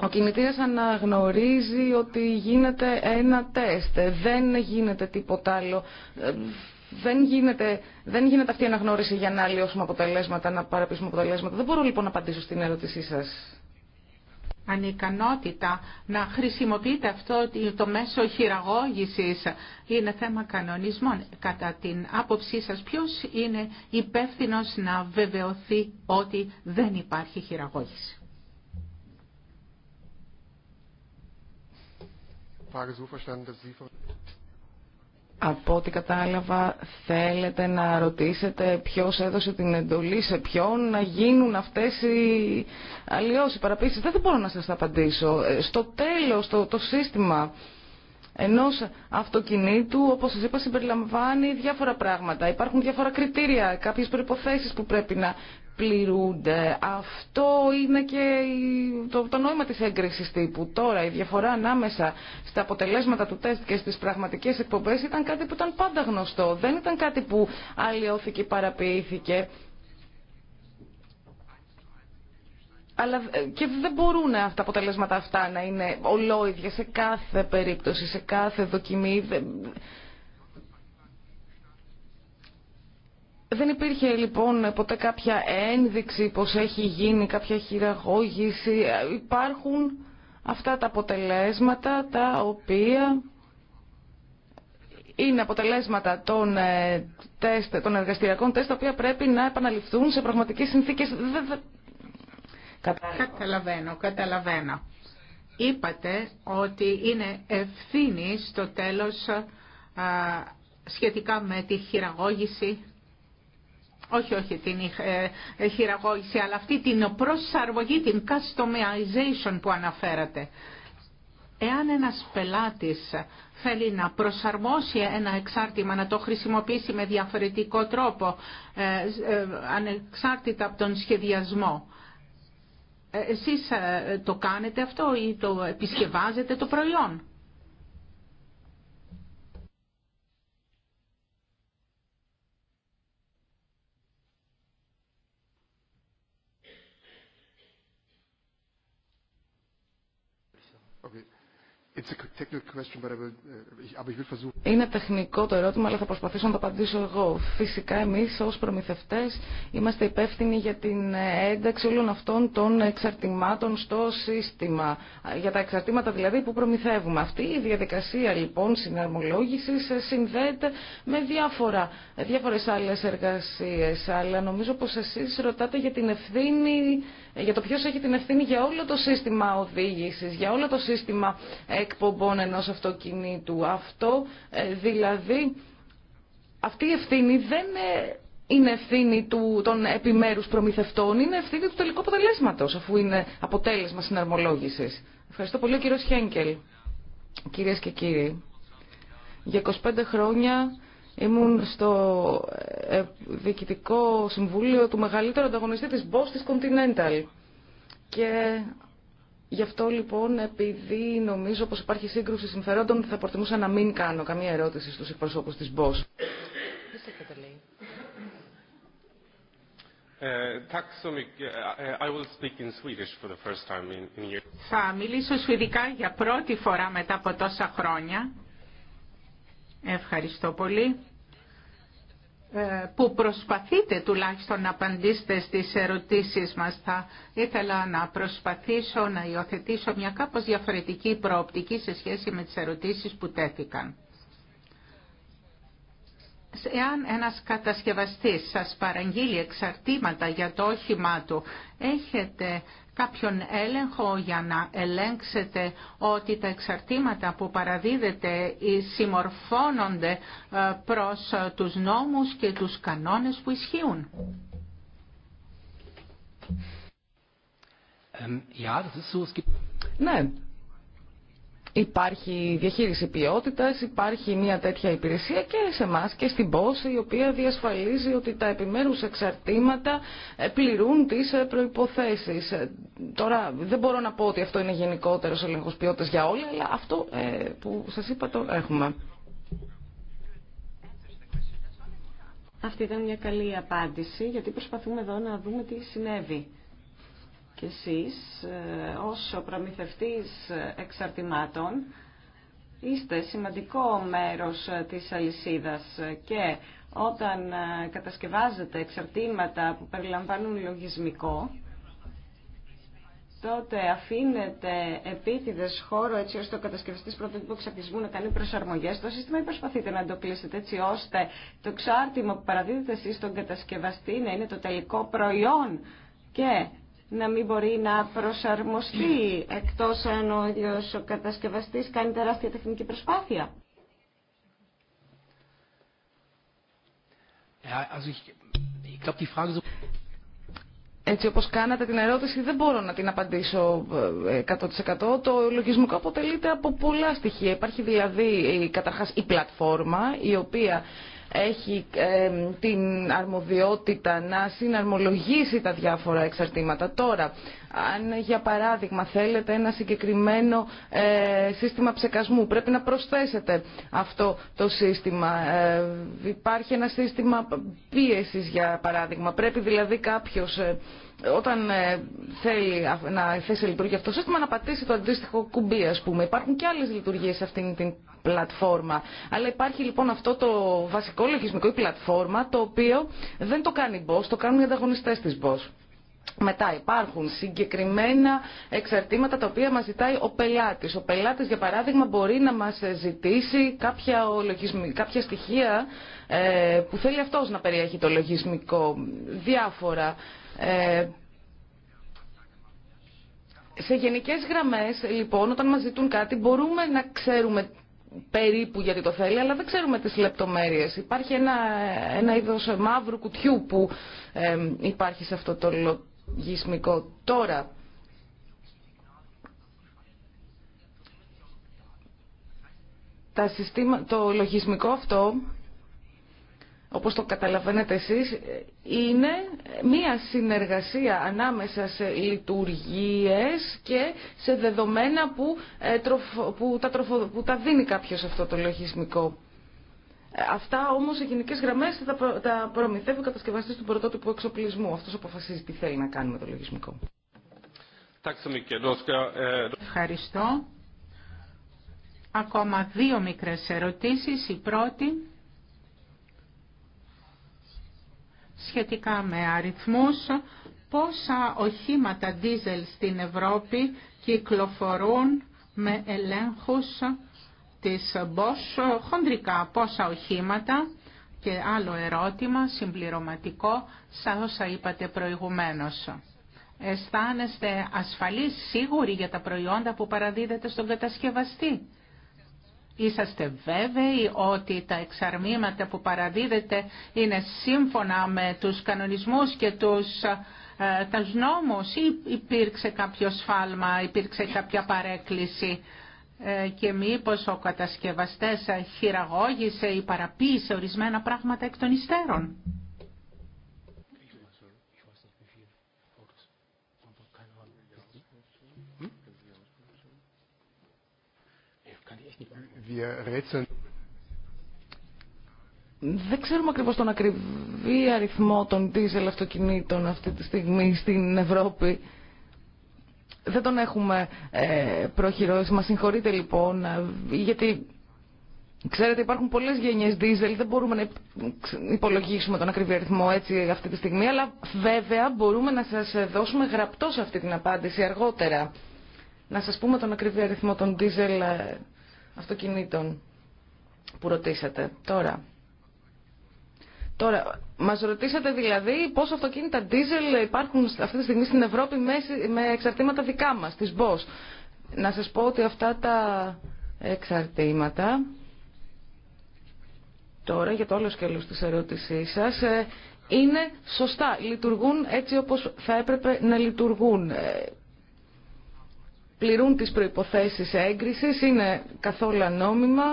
ο κινητήρας αναγνωρίζει ότι γίνεται ένα τεστ, δεν γίνεται τίποτα άλλο. Ε, δεν γίνεται, δεν γίνεται αυτή η αναγνώριση για να αλλοιώσουμε αποτελέσματα, να παραπείσουμε αποτελέσματα. Δεν μπορώ λοιπόν να απαντήσω στην ερώτησή σας ικανότητα να χρησιμοποιείτε αυτό το μέσο χειραγώγησης είναι θέμα κανονισμών. Κατά την άποψή σας ποιος είναι υπεύθυνος να βεβαιωθεί ότι δεν υπάρχει χειραγώγηση. Από ό,τι κατάλαβα, θέλετε να ρωτήσετε ποιος έδωσε την εντολή σε ποιον να γίνουν αυτές οι αλλοιώσεις, οι παραπίσεις. Δεν μπορώ να σας απαντήσω. Ε, στο τέλος, το, το σύστημα ενός αυτοκινήτου, όπως σας είπα, συμπεριλαμβάνει διάφορα πράγματα. Υπάρχουν διάφορα κριτήρια, κάποιες προϋποθέσεις που πρέπει να πληρούνται. Αυτό είναι και το, το νόημα της έγκρισης τύπου. Τώρα η διαφορά ανάμεσα στα αποτελέσματα του τεστ και στις πραγματικές εκπομπές ήταν κάτι που ήταν πάντα γνωστό. Δεν ήταν κάτι που αλλοιώθηκε ή παραποιήθηκε. Αλλά ε, και δεν μπορούν αυτά τα αποτελέσματα αυτά να είναι ολόιδια σε κάθε περίπτωση, σε κάθε δοκιμή. Δεν υπήρχε λοιπόν ποτέ κάποια ένδειξη πως έχει γίνει κάποια χειραγώγηση. Ε, υπάρχουν αυτά τα αποτελέσματα τα οποία είναι αποτελέσματα των, ε, τεστ, των εργαστηριακών τεστ τα οποία πρέπει να επαναληφθούν σε πραγματικές συνθήκες. Καταλαβαίνω, καταλαβαίνω. Είπατε ότι είναι ευθύνη στο τέλος α, σχετικά με τη χειραγώγηση όχι, όχι την ε, ε, χειραγώγηση, αλλά αυτή την προσαρμογή, την customization που αναφέρατε. Εάν ένας πελάτης θέλει να προσαρμόσει ένα εξάρτημα, να το χρησιμοποιήσει με διαφορετικό τρόπο, ε, ανεξάρτητα από τον σχεδιασμό, εσείς το κάνετε αυτό ή το επισκευάζετε το προϊόν. Okay. Είναι τεχνικό το ερώτημα, αλλά θα προσπαθήσω να το απαντήσω εγώ. Φυσικά, εμείς ως προμηθευτέ, είμαστε υπεύθυνοι για την ε, ένταξη όλων αυτών των εξαρτημάτων στο σύστημα. Για τα εξαρτήματα δηλαδή που προμηθεύουμε. Αυτή η διαδικασία λοιπόν συναρμολόγηση ε, συνδέεται με διάφορε άλλε εργασίε. εργασίες. Αλλά νομίζω πω εσεί ρωτάτε για την ε, για το ποιος έχει την ευθύνη για όλο το σύστημα οδήγησης, για όλο το σύστημα εκπομπών ενός αυτοκινήτου. Αυτό ε, δηλαδή, αυτή η ευθύνη δεν ε, είναι ευθύνη του, των επιμέρους προμηθευτών, είναι ευθύνη του τελικού αποτελέσματος, αφού είναι αποτέλεσμα συναρμολόγησης. Ευχαριστώ πολύ ο κύριος Χένκελ. Κυρίες και κύριοι, για 25 χρόνια ήμουν στο ε, Διοικητικό Συμβούλιο του μεγαλύτερου ανταγωνιστή της Bosch της Continental και Γι' αυτό λοιπόν, επειδή νομίζω πως υπάρχει σύγκρουση συμφερόντων, θα προτιμούσα να μην κάνω καμία ερώτηση στους εκπροσώπους της ε, ΜΠΟΣ. Ε, ε, θα μιλήσω σουηδικά για πρώτη φορά μετά από τόσα χρόνια. Ευχαριστώ πολύ. Ε, που προσπαθείτε τουλάχιστον να απαντήσετε στις ερωτήσεις μας. Θα ήθελα να προσπαθήσω να υιοθετήσω μια κάπως διαφορετική προοπτική σε σχέση με τις ερωτήσεις που τέθηκαν. Εάν ένας κατασκευαστής σας παραγγείλει εξαρτήματα για το όχημά του, έχετε κάποιον έλεγχο για να ελέγξετε ότι τα εξαρτήματα που παραδίδεται ε, συμμορφώνονται ε, προς ε, τους νόμους και τους κανόνες που ισχύουν. Ναι, υπάρχει διαχείριση ποιότητας, υπάρχει μια τέτοια υπηρεσία και σε εμά και στην πόση η οποία διασφαλίζει ότι τα επιμέρους εξαρτήματα ε, πληρούν τις ε, προϋποθέσεις. Ε, τώρα δεν μπορώ να πω ότι αυτό είναι γενικότερος έλεγχος ποιότητας για όλα, αλλά αυτό που σας είπα το έχουμε. Αυτή ήταν μια καλή απάντηση, γιατί προσπαθούμε εδώ να δούμε τι συνέβη και εσείς ε, ως προμηθευτής εξαρτημάτων είστε σημαντικό μέρος ε, της αλυσίδας και όταν ε, κατασκευάζετε εξαρτήματα που περιλαμβάνουν λογισμικό τότε αφήνετε επίτηδες χώρο έτσι ώστε ο κατασκευαστής πρωτότυπου εξαρτησμού να κάνει προσαρμογές στο σύστημα ή προσπαθείτε να το κλείσετε έτσι ώστε το εξάρτημα που παραδίδετε εσείς στον κατασκευαστή να είναι το τελικό προϊόν και να μην μπορεί να προσαρμοστεί εκτός αν ο ίδιος ο κατασκευαστής κάνει τεράστια τεχνική προσπάθεια. Έτσι όπως κάνατε την ερώτηση δεν μπορώ να την απαντήσω 100%. Ε, Το λογισμικό αποτελείται από πολλά στοιχεία. Υπάρχει δηλαδή ε, καταρχάς η πλατφόρμα η οποία έχει την αρμοδιότητα να συναρμολογήσει τα διάφορα εξαρτήματα. Τώρα, αν για παράδειγμα θέλετε ένα συγκεκριμένο ε, σύστημα ψεκασμού, πρέπει να προσθέσετε αυτό το σύστημα. Ε, υπάρχει ένα σύστημα πίεσης για παράδειγμα. Πρέπει δηλαδή κάποιος ε, όταν ε, θέλει να θέσει λειτουργία αυτό το σύστημα να πατήσει το αντίστοιχο κουμπί ας πούμε. Υπάρχουν και άλλες λειτουργίες σε αυτήν την πλατφόρμα. Αλλά υπάρχει λοιπόν αυτό το βασικό λογισμικό, η πλατφόρμα, το οποίο δεν το κάνει η BOSS, το κάνουν οι ανταγωνιστές της BOSS. Μετά υπάρχουν συγκεκριμένα εξαρτήματα τα οποία μας ζητάει ο πελάτης. Ο πελάτης για παράδειγμα μπορεί να μας ζητήσει κάποια, κάποια στοιχεία ε, που θέλει αυτός να περιέχει το λογισμικό. Διάφορα ε, σε γενικές γραμμές, λοιπόν, όταν μας ζητούν κάτι, μπορούμε να ξέρουμε περίπου γιατί το θέλει, αλλά δεν ξέρουμε τις λεπτομέρειες. Υπάρχει ένα, ένα είδος μαύρου κουτιού που ε, υπάρχει σε αυτό το λογισμικό. Τώρα, τα συστήμα, το λογισμικό αυτό όπως το καταλαβαίνετε εσείς, είναι μία συνεργασία ανάμεσα σε λειτουργίες και σε δεδομένα που, ε, που, τα, τροφο, τα δίνει κάποιος αυτό το λογισμικό. Ε, αυτά όμως σε γενικέ γραμμές τα, προ, τα προμηθεύει ο κατασκευαστής του πρωτότυπου εξοπλισμού. Αυτός αποφασίζει τι θέλει να κάνει με το λογισμικό. Ε, Ευχαριστώ. Ακόμα δύο μικρές ερωτήσεις. Η πρώτη... σχετικά με αριθμούς πόσα οχήματα δίζελ στην Ευρώπη κυκλοφορούν με ελέγχους της Bosch, χοντρικά πόσα οχήματα και άλλο ερώτημα συμπληρωματικό σαν όσα είπατε προηγουμένως. Αισθάνεστε ασφαλείς, σίγουροι για τα προϊόντα που παραδίδετε στον κατασκευαστή. Είσαστε βέβαιοι ότι τα εξαρμήματα που παραδίδετε είναι σύμφωνα με τους κανονισμούς και τους ε, τα νόμους ή υπήρξε κάποιο σφάλμα, υπήρξε κάποια παρέκκληση ε, και μήπως ο κατασκευαστές χειραγώγησε ή παραποίησε ορισμένα πράγματα εκ των υστέρων. Δεν ξέρουμε ακριβώ τον ακριβή αριθμό των δίζελ αυτοκινήτων αυτή τη στιγμή στην Ευρώπη. Δεν τον έχουμε ε, προχειρώσει. Μα συγχωρείτε λοιπόν, ε, γιατί ξέρετε υπάρχουν πολλέ γενιέ δίζελ. Δεν μπορούμε να υπολογίσουμε τον ακριβή αριθμό έτσι αυτή τη στιγμή, αλλά βέβαια μπορούμε να σα ε, δώσουμε γραπτό αυτή την απάντηση αργότερα. Να σα πούμε τον ακριβή αριθμό των δίζελ αυτοκινήτων που ρωτήσατε. Τώρα, Τώρα, μα ρωτήσατε δηλαδή πόσο αυτοκίνητα diesel υπάρχουν αυτή τη στιγμή στην Ευρώπη με εξαρτήματα δικά μα, τη BOS. Να σα πω ότι αυτά τα εξαρτήματα, τώρα για το όλο σκέλος της ερώτησής σας, ε, είναι σωστά. Λειτουργούν έτσι όπως θα έπρεπε να λειτουργούν. Ε, πληρούν τις προϋποθέσεις έγκρισης, είναι καθόλου νόμιμα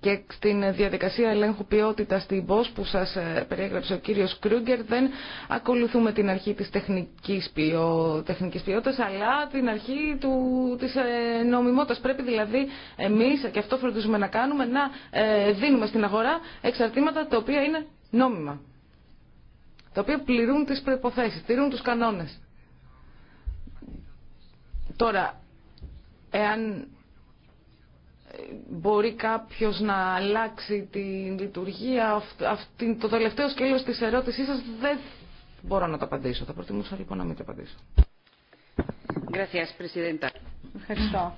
και στην διαδικασία ελέγχου ποιότητας στην ΠΟΣ που σας ε, περιέγραψε ο κύριος Κρούγκερ δεν ακολουθούμε την αρχή της τεχνικής, ποιο... ποιότητας αλλά την αρχή του... της ε, νομιμότητας. Πρέπει δηλαδή εμείς, και αυτό φροντίζουμε να κάνουμε, να ε, δίνουμε στην αγορά εξαρτήματα τα οποία είναι νόμιμα, τα οποία πληρούν τις προϋποθέσεις, πληρούν τους κανόνες. Τώρα, εάν μπορεί κάποιος να αλλάξει την λειτουργία, το τελευταίο σκέλος της ερώτησής σας δεν μπορώ να το απαντήσω. Θα προτιμούσα λοιπόν να μην το απαντήσω. Ευχαριστώ.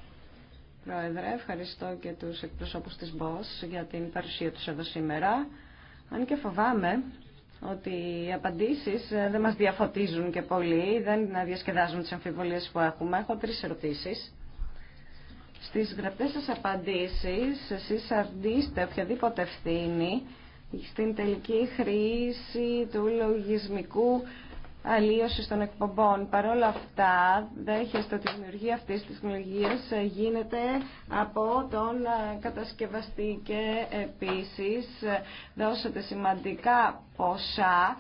Πρόεδρε, ευχαριστώ και τους εκπροσώπους της ΜΠΟΣ για την παρουσία τους εδώ σήμερα. Αν και φοβάμαι ότι οι απαντήσεις ε, δεν μας διαφωτίζουν και πολύ, δεν διασκεδάζουν τις αμφιβολίες που έχουμε. Έχω τρεις ερωτήσεις. Στις γραπτές σας απαντήσεις, εσείς αρνείστε οποιαδήποτε ευθύνη στην τελική χρήση του λογισμικού αλλίωση των εκπομπών. Παρ' όλα αυτά, δέχεστε ότι η δημιουργία αυτή τη τεχνολογία ε, γίνεται από τον ε, κατασκευαστή και επίση ε, δώσατε σημαντικά ποσά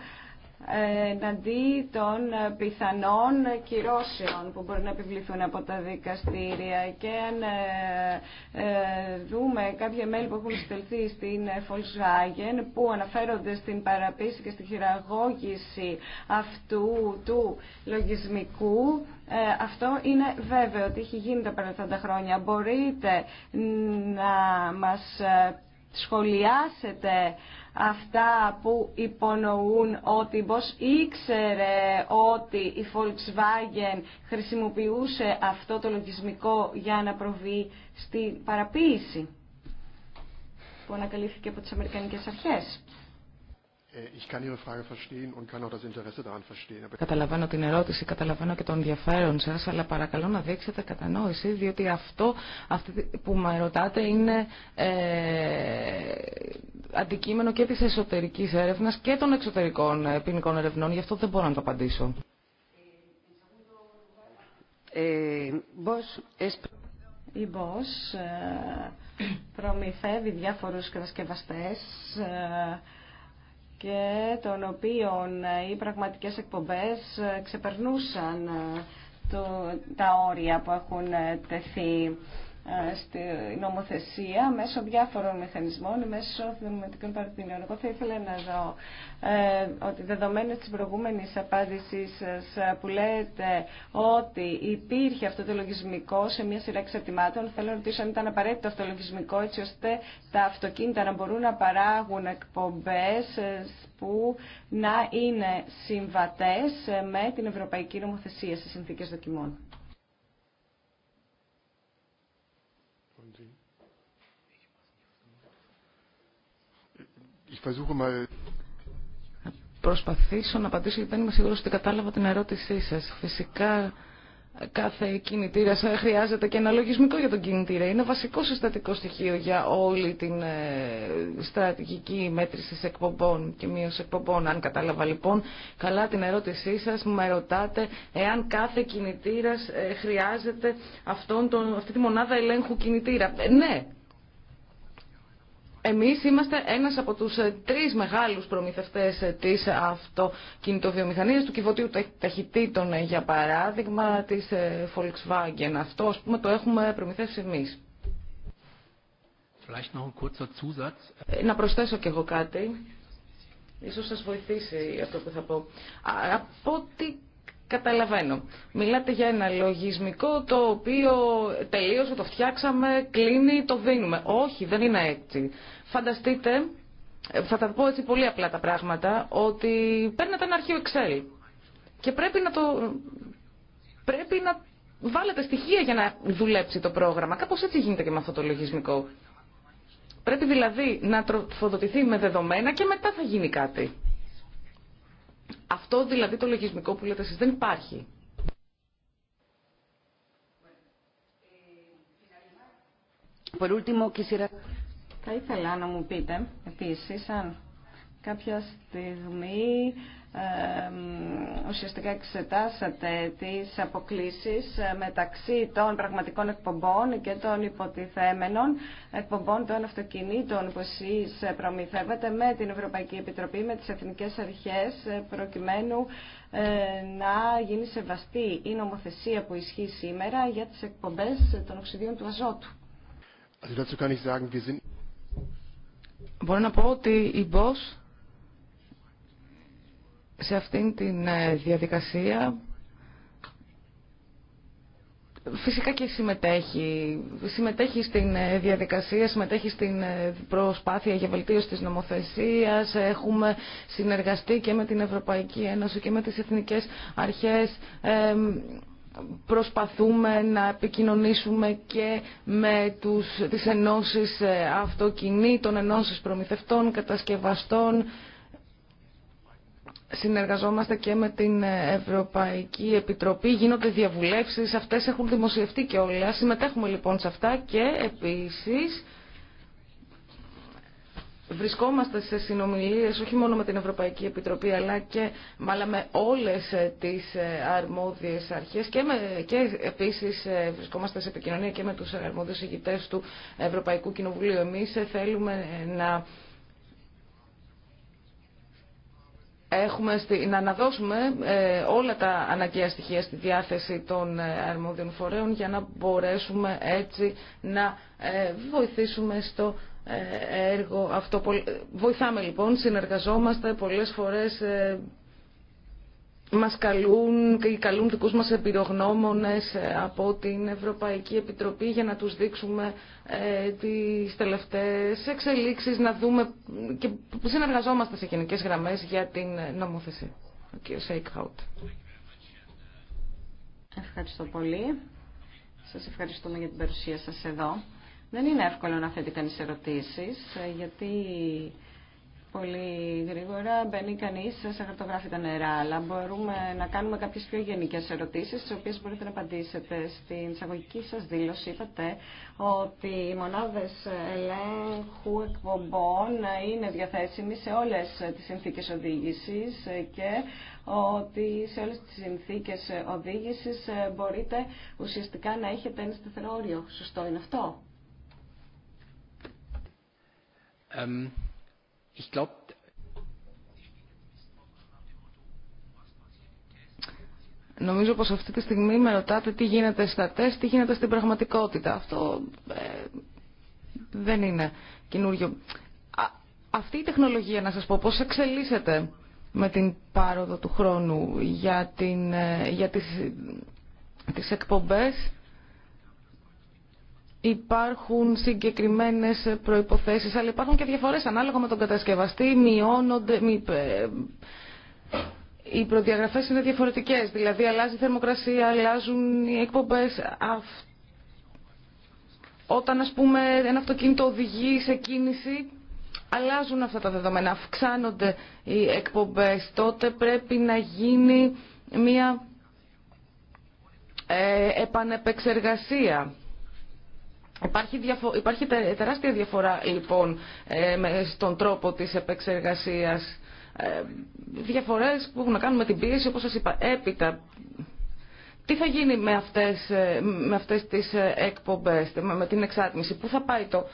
εναντί των πιθανών κυρώσεων που μπορεί να επιβληθούν από τα δικαστήρια και αν ε, ε, δούμε κάποια μέλη που έχουν στελθεί στην Volkswagen που αναφέρονται στην παραπίση και στη χειραγώγηση αυτού του λογισμικού ε, αυτό είναι βέβαιο ότι έχει γίνει τα παρελθόντα χρόνια. Μπορείτε να μας σχολιάσετε αυτά που υπονοούν ότι πως ήξερε ότι η Volkswagen χρησιμοποιούσε αυτό το λογισμικό για να προβεί στην παραποίηση που ανακαλύφθηκε από τις Αμερικανικές Αρχές. Καταλαβαίνω την ερώτηση, καταλαβαίνω και τον ενδιαφέρον σας, αλλά παρακαλώ να δείξετε κατανόηση, διότι αυτό που με ρωτάτε είναι ε, αντικείμενο και της εσωτερικής έρευνας και των εξωτερικών ε, ποινικών ερευνών, γι' αυτό δεν μπορώ να το απαντήσω. Ε, Η Bosch ε, προμηθεύει διάφορους κατασκευαστές και των οποίων οι πραγματικές εκπομπές ξεπερνούσαν τα όρια που έχουν τεθεί στη νομοθεσία μέσω διάφορων μηχανισμών, μέσω δημοτικών παρατηρητών. Εγώ θα ήθελα να δω ε, ότι δεδομένου της προηγούμενης απάντησής σας ε, που λέτε ότι υπήρχε αυτό το λογισμικό σε μια σειρά εξαρτημάτων, θέλω να ρωτήσω αν ήταν απαραίτητο αυτό το λογισμικό έτσι ώστε τα αυτοκίνητα να μπορούν να παράγουν εκπομπές ε, που να είναι συμβατές ε, με την Ευρωπαϊκή Νομοθεσία σε συνθήκες δοκιμών. Προσπαθήσω να απαντήσω γιατί δεν είμαι σίγουρος ότι κατάλαβα την ερώτησή σας. Φυσικά κάθε κινητήρα χρειάζεται και ένα λογισμικό για τον κινητήρα. Είναι βασικό συστατικό στοιχείο για όλη την ε, στρατηγική μέτρηση εκπομπών και μείωση εκπομπών. Αν κατάλαβα λοιπόν καλά την ερώτησή σας, με ρωτάτε εάν κάθε κινητήρας ε, χρειάζεται αυτόν τον, αυτή τη μονάδα ελέγχου κινητήρα. Ε, ναι, εμείς είμαστε ένας από τους ε, τρεις μεγάλους προμηθευτές ε, της αυτοκινητοβιομηχανίας, του κυβωτίου ταχυτήτων ε, για παράδειγμα, της Volkswagen. Αυτό ας πούμε το έχουμε προμηθεύσει εμείς. Να προσθέσω κι εγώ κάτι. Ίσως σας βοηθήσει αυτό που θα πω. Από ό,τι Καταλαβαίνω. Μιλάτε για ένα λογισμικό το οποίο τελείωσε, το φτιάξαμε, κλείνει, το δίνουμε. Όχι, δεν είναι έτσι. Φανταστείτε, θα τα πω έτσι πολύ απλά τα πράγματα, ότι παίρνετε ένα αρχείο Excel και πρέπει να το... Πρέπει να βάλετε στοιχεία για να δουλέψει το πρόγραμμα. Κάπως έτσι γίνεται και με αυτό το λογισμικό. Πρέπει δηλαδή να τροφοδοτηθεί με δεδομένα και μετά θα γίνει κάτι. Αυτό δηλαδή το λογισμικό που λέτε εσείς δεν υπάρχει. Eh, Θα ήθελα να μου πείτε επίσης αν κάποια στιγμή ε, ουσιαστικά εξετάσατε τις αποκλίσεις ε, μεταξύ των πραγματικών εκπομπών και των υποτιθέμενων εκπομπών των αυτοκινήτων που εσείς προμηθεύετε με την Ευρωπαϊκή Επιτροπή, με τις Εθνικές Αρχές ε, προκειμένου ε, να γίνει σεβαστή η νομοθεσία που ισχύει σήμερα για τις εκπομπές των οξυδίων του αζότου. Μπορώ να πω ότι η ΜΠΟΣ σε αυτήν την ε, διαδικασία φυσικά και συμμετέχει. Συμμετέχει στην ε, διαδικασία, συμμετέχει στην ε, προσπάθεια για βελτίωση της νομοθεσίας. Έχουμε συνεργαστεί και με την Ευρωπαϊκή Ένωση και με τις εθνικές αρχές. προσπαθούμε να επικοινωνήσουμε και με τους, τις ενώσεις αυτοκινήτων, ενώσεις προμηθευτών, κατασκευαστών, συνεργαζόμαστε και με την Ευρωπαϊκή Επιτροπή, γίνονται διαβουλεύσεις, αυτές έχουν δημοσιευτεί και όλα. Συμμετέχουμε λοιπόν σε αυτά και επίσης βρισκόμαστε σε συνομιλίες όχι μόνο με την Ευρωπαϊκή Επιτροπή αλλά και μάλλα με όλες τις αρμόδιες αρχές και, με, και επίσης βρισκόμαστε σε επικοινωνία και με τους αρμόδιους ηγητές του Ευρωπαϊκού Κοινοβουλίου. Εμείς θέλουμε να έχουμε στη, να αναδώσουμε ε, όλα τα αναγκαία στοιχεία στη διάθεση των ε, αρμόδιων φορέων για να μπορέσουμε έτσι να ε, βοηθήσουμε στο έργο αυτό. Βοηθάμε λοιπόν, συνεργαζόμαστε πολλές φορές μας καλούν και καλούν δικούς μας επιρρογνώμονες ε, από την Ευρωπαϊκή Επιτροπή για να τους δείξουμε ε, τις τελευταίες εξελίξεις, να δούμε και συνεργαζόμαστε σε γενικέ γραμμές για την νομοθεσία. Ο κ. Σέικχαουτ. Ευχαριστώ πολύ. Σας ευχαριστούμε για την παρουσία σας εδώ. Δεν είναι εύκολο να θέτει κανείς ερωτήσεις, ε, γιατί πολύ γρήγορα μπαίνει κανεί σε τα νερά, αλλά μπορούμε να κάνουμε κάποιε πιο γενικέ ερωτήσει, τι οποίε μπορείτε να απαντήσετε. Στην εισαγωγική σα δήλωση είπατε ότι οι μονάδε ελέγχου εκπομπών είναι διαθέσιμοι σε όλε τι συνθήκε οδήγηση και ότι σε όλε τι συνθήκε οδήγηση μπορείτε ουσιαστικά να έχετε ένα σταθερό όριο. Σωστό είναι αυτό ich glaube, Νομίζω πως αυτή τη στιγμή με ρωτάτε τι γίνεται στα τεστ, τι γίνεται στην πραγματικότητα. Αυτό ε, δεν είναι καινούριο. αυτή η τεχνολογία, να σας πω, πώς εξελίσσεται με την πάροδο του χρόνου για, την, ε, για τις, ε, τις εκπομπές υπάρχουν συγκεκριμένες προϋποθέσεις, αλλά υπάρχουν και διαφορές ανάλογα με τον κατασκευαστή, μειώνονται, μη, ε, οι προδιαγραφές είναι διαφορετικές, δηλαδή αλλάζει η θερμοκρασία, αλλάζουν οι εκπομπές. Όταν ας πούμε ένα αυτοκίνητο οδηγεί σε κίνηση, αλλάζουν αυτά τα δεδομένα, αυξάνονται οι εκπομπές, τότε πρέπει να γίνει μια ε, επανεπεξεργασία. Υπάρχει, υπάρχει τεράστια διαφορά λοιπόν ε, στον τρόπο της επεξεργασίας. Ε, διαφορές που έχουν να κάνουν με την πίεση όπως σας είπα. Έπειτα, τι θα γίνει με αυτές, ε, με αυτές τις ε, εκπομπές, με την εξάτμιση, πού θα πάει το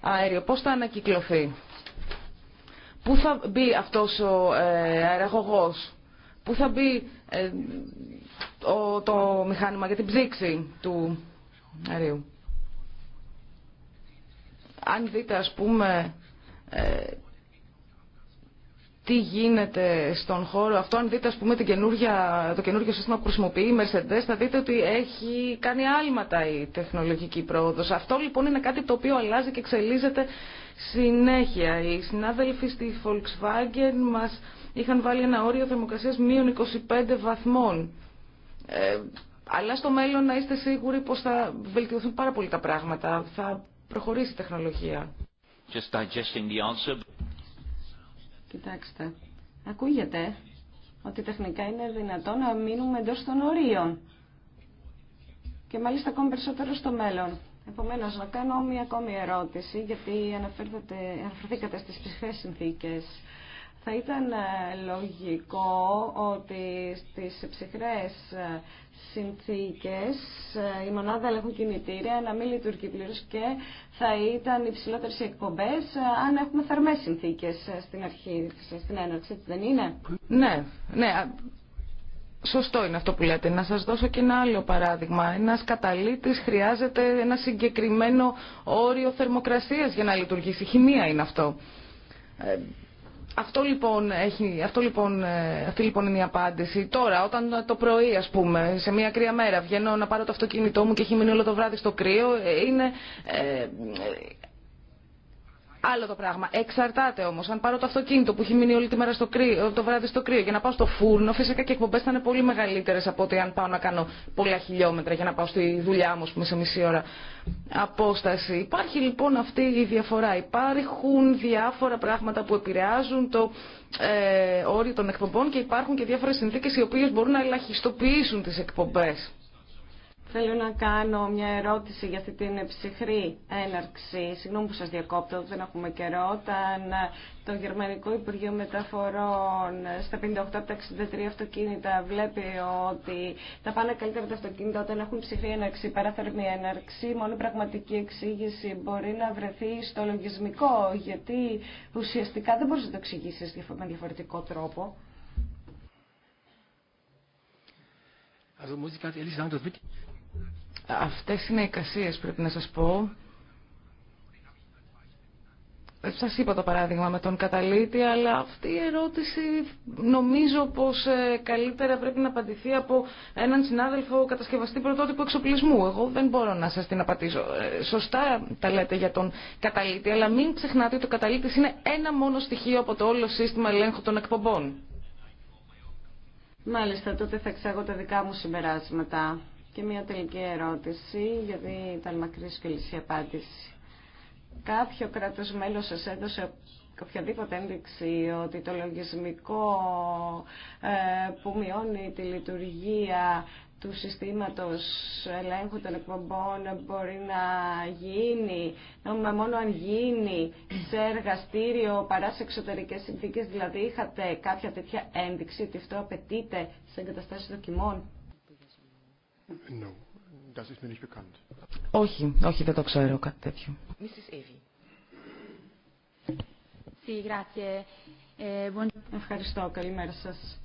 αέριο, πώς θα ανακυκλωθεί, πού θα μπει αυτός ο ε, αεραγωγός, πού θα μπει το μηχάνημα για την ψήξη του αερίου αν δείτε ας πούμε ε, τι γίνεται στον χώρο αυτό, αν δείτε ας πούμε την καινούργια, το καινούργιο σύστημα που χρησιμοποιεί η Mercedes, θα δείτε ότι έχει κάνει άλματα η τεχνολογική πρόοδος. Αυτό λοιπόν είναι κάτι το οποίο αλλάζει και εξελίζεται συνέχεια. Οι συνάδελφοι στη Volkswagen μας είχαν βάλει ένα όριο θερμοκρασίας μείων 25 βαθμών. Ε, αλλά στο μέλλον να είστε σίγουροι πως θα βελτιωθούν πάρα πολύ τα πράγματα. Θα προχωρήσει η τεχνολογία. Κοιτάξτε, ακούγεται ότι τεχνικά είναι δυνατό να μείνουμε εντός των ορίων και μάλιστα ακόμη περισσότερο στο μέλλον. Επομένως, να κάνω μία ακόμη ερώτηση, γιατί αναφερθήκατε στις ψυχές συνθήκες. Θα ήταν ε, λογικό ότι στις ψυχρές ε, συνθήκες ε, η μονάδα έχουν κινητήρια να μην λειτουργεί πλήρως και θα ήταν οι οι εκπομπές ε, αν έχουμε θερμές συνθήκες ε, στην αρχή, στην έναρξη, δεν είναι. Ναι, ναι. Σωστό είναι αυτό που λέτε. Να σας δώσω και ένα άλλο παράδειγμα. Ένας καταλήτης χρειάζεται ένα συγκεκριμένο όριο θερμοκρασίας για να λειτουργήσει. Χημεία είναι αυτό. Αυτό λοιπόν, έχει, αυτό λοιπόν, ε, αυτή λοιπόν είναι η απάντηση. Τώρα, όταν το πρωί, ας πούμε, σε μια κρύα μέρα, βγαίνω να πάρω το αυτοκίνητό μου και έχει μείνει όλο το βράδυ στο κρύο, ε, είναι, ε, άλλο το πράγμα. Εξαρτάται όμω. Αν πάρω το αυτοκίνητο που έχει μείνει όλη τη μέρα στο κρύο, το βράδυ στο κρύο για να πάω στο φούρνο, φυσικά και εκπομπέ θα είναι πολύ μεγαλύτερε από ότι αν πάω να κάνω πολλά χιλιόμετρα για να πάω στη δουλειά μου, πούμε, σε μισή ώρα απόσταση. Υπάρχει λοιπόν αυτή η διαφορά. Υπάρχουν διάφορα πράγματα που επηρεάζουν το ε, όριο των εκπομπών και υπάρχουν και διάφορε συνθήκε οι οποίε μπορούν να ελαχιστοποιήσουν τι εκπομπέ. Θέλω να κάνω μια ερώτηση για αυτή την ψυχρή έναρξη. Συγγνώμη που σας διακόπτω, δεν έχουμε καιρό. Όταν το Γερμανικό Υπουργείο Μεταφορών στα 58 από τα 63 αυτοκίνητα βλέπει ότι τα πάνε καλύτερα τα αυτοκίνητα όταν έχουν ψυχρή έναρξη, παραθερμή έναρξη, μόνο πραγματική εξήγηση μπορεί να βρεθεί στο λογισμικό, γιατί ουσιαστικά δεν μπορείς να το εξηγήσεις με διαφορετικό τρόπο. Αυτές είναι οι εικασίες πρέπει να σας πω. Σας είπα το παράδειγμα με τον καταλήτη, αλλά αυτή η ερώτηση νομίζω πως ε, καλύτερα πρέπει να απαντηθεί από έναν συνάδελφο κατασκευαστή πρωτότυπου εξοπλισμού. Εγώ δεν μπορώ να σας την απαντήσω. Ε, σωστά τα λέτε για τον καταλήτη, αλλά μην ξεχνάτε ότι ο καταλήτης είναι ένα μόνο στοιχείο από το όλο σύστημα ελέγχου των εκπομπών. Μάλιστα, τότε θα εξάγω τα δικά μου συμπεράσματα. Και μια τελική ερώτηση, γιατί ήταν μακρύ και λύση απάντηση. Κάποιο κράτο μέλος σας έδωσε οποιαδήποτε ένδειξη ότι το λογισμικό ε, που μειώνει τη λειτουργία του συστήματος ελέγχου των εκπομπών μπορεί να γίνει νόμιμα μόνο αν γίνει σε εργαστήριο παρά σε εξωτερικές συνθήκες. Δηλαδή είχατε κάποια τέτοια ένδειξη ότι αυτό απαιτείται σε εγκαταστάσεις δοκιμών. No, das ist mir nicht bekannt. Όχι, όχι, δεν το ξέρω κάτι τέτοιο. Mrs. Evie. Sì, grazie. Eh, ε, buon... Ευχαριστώ, καλημέρα σας.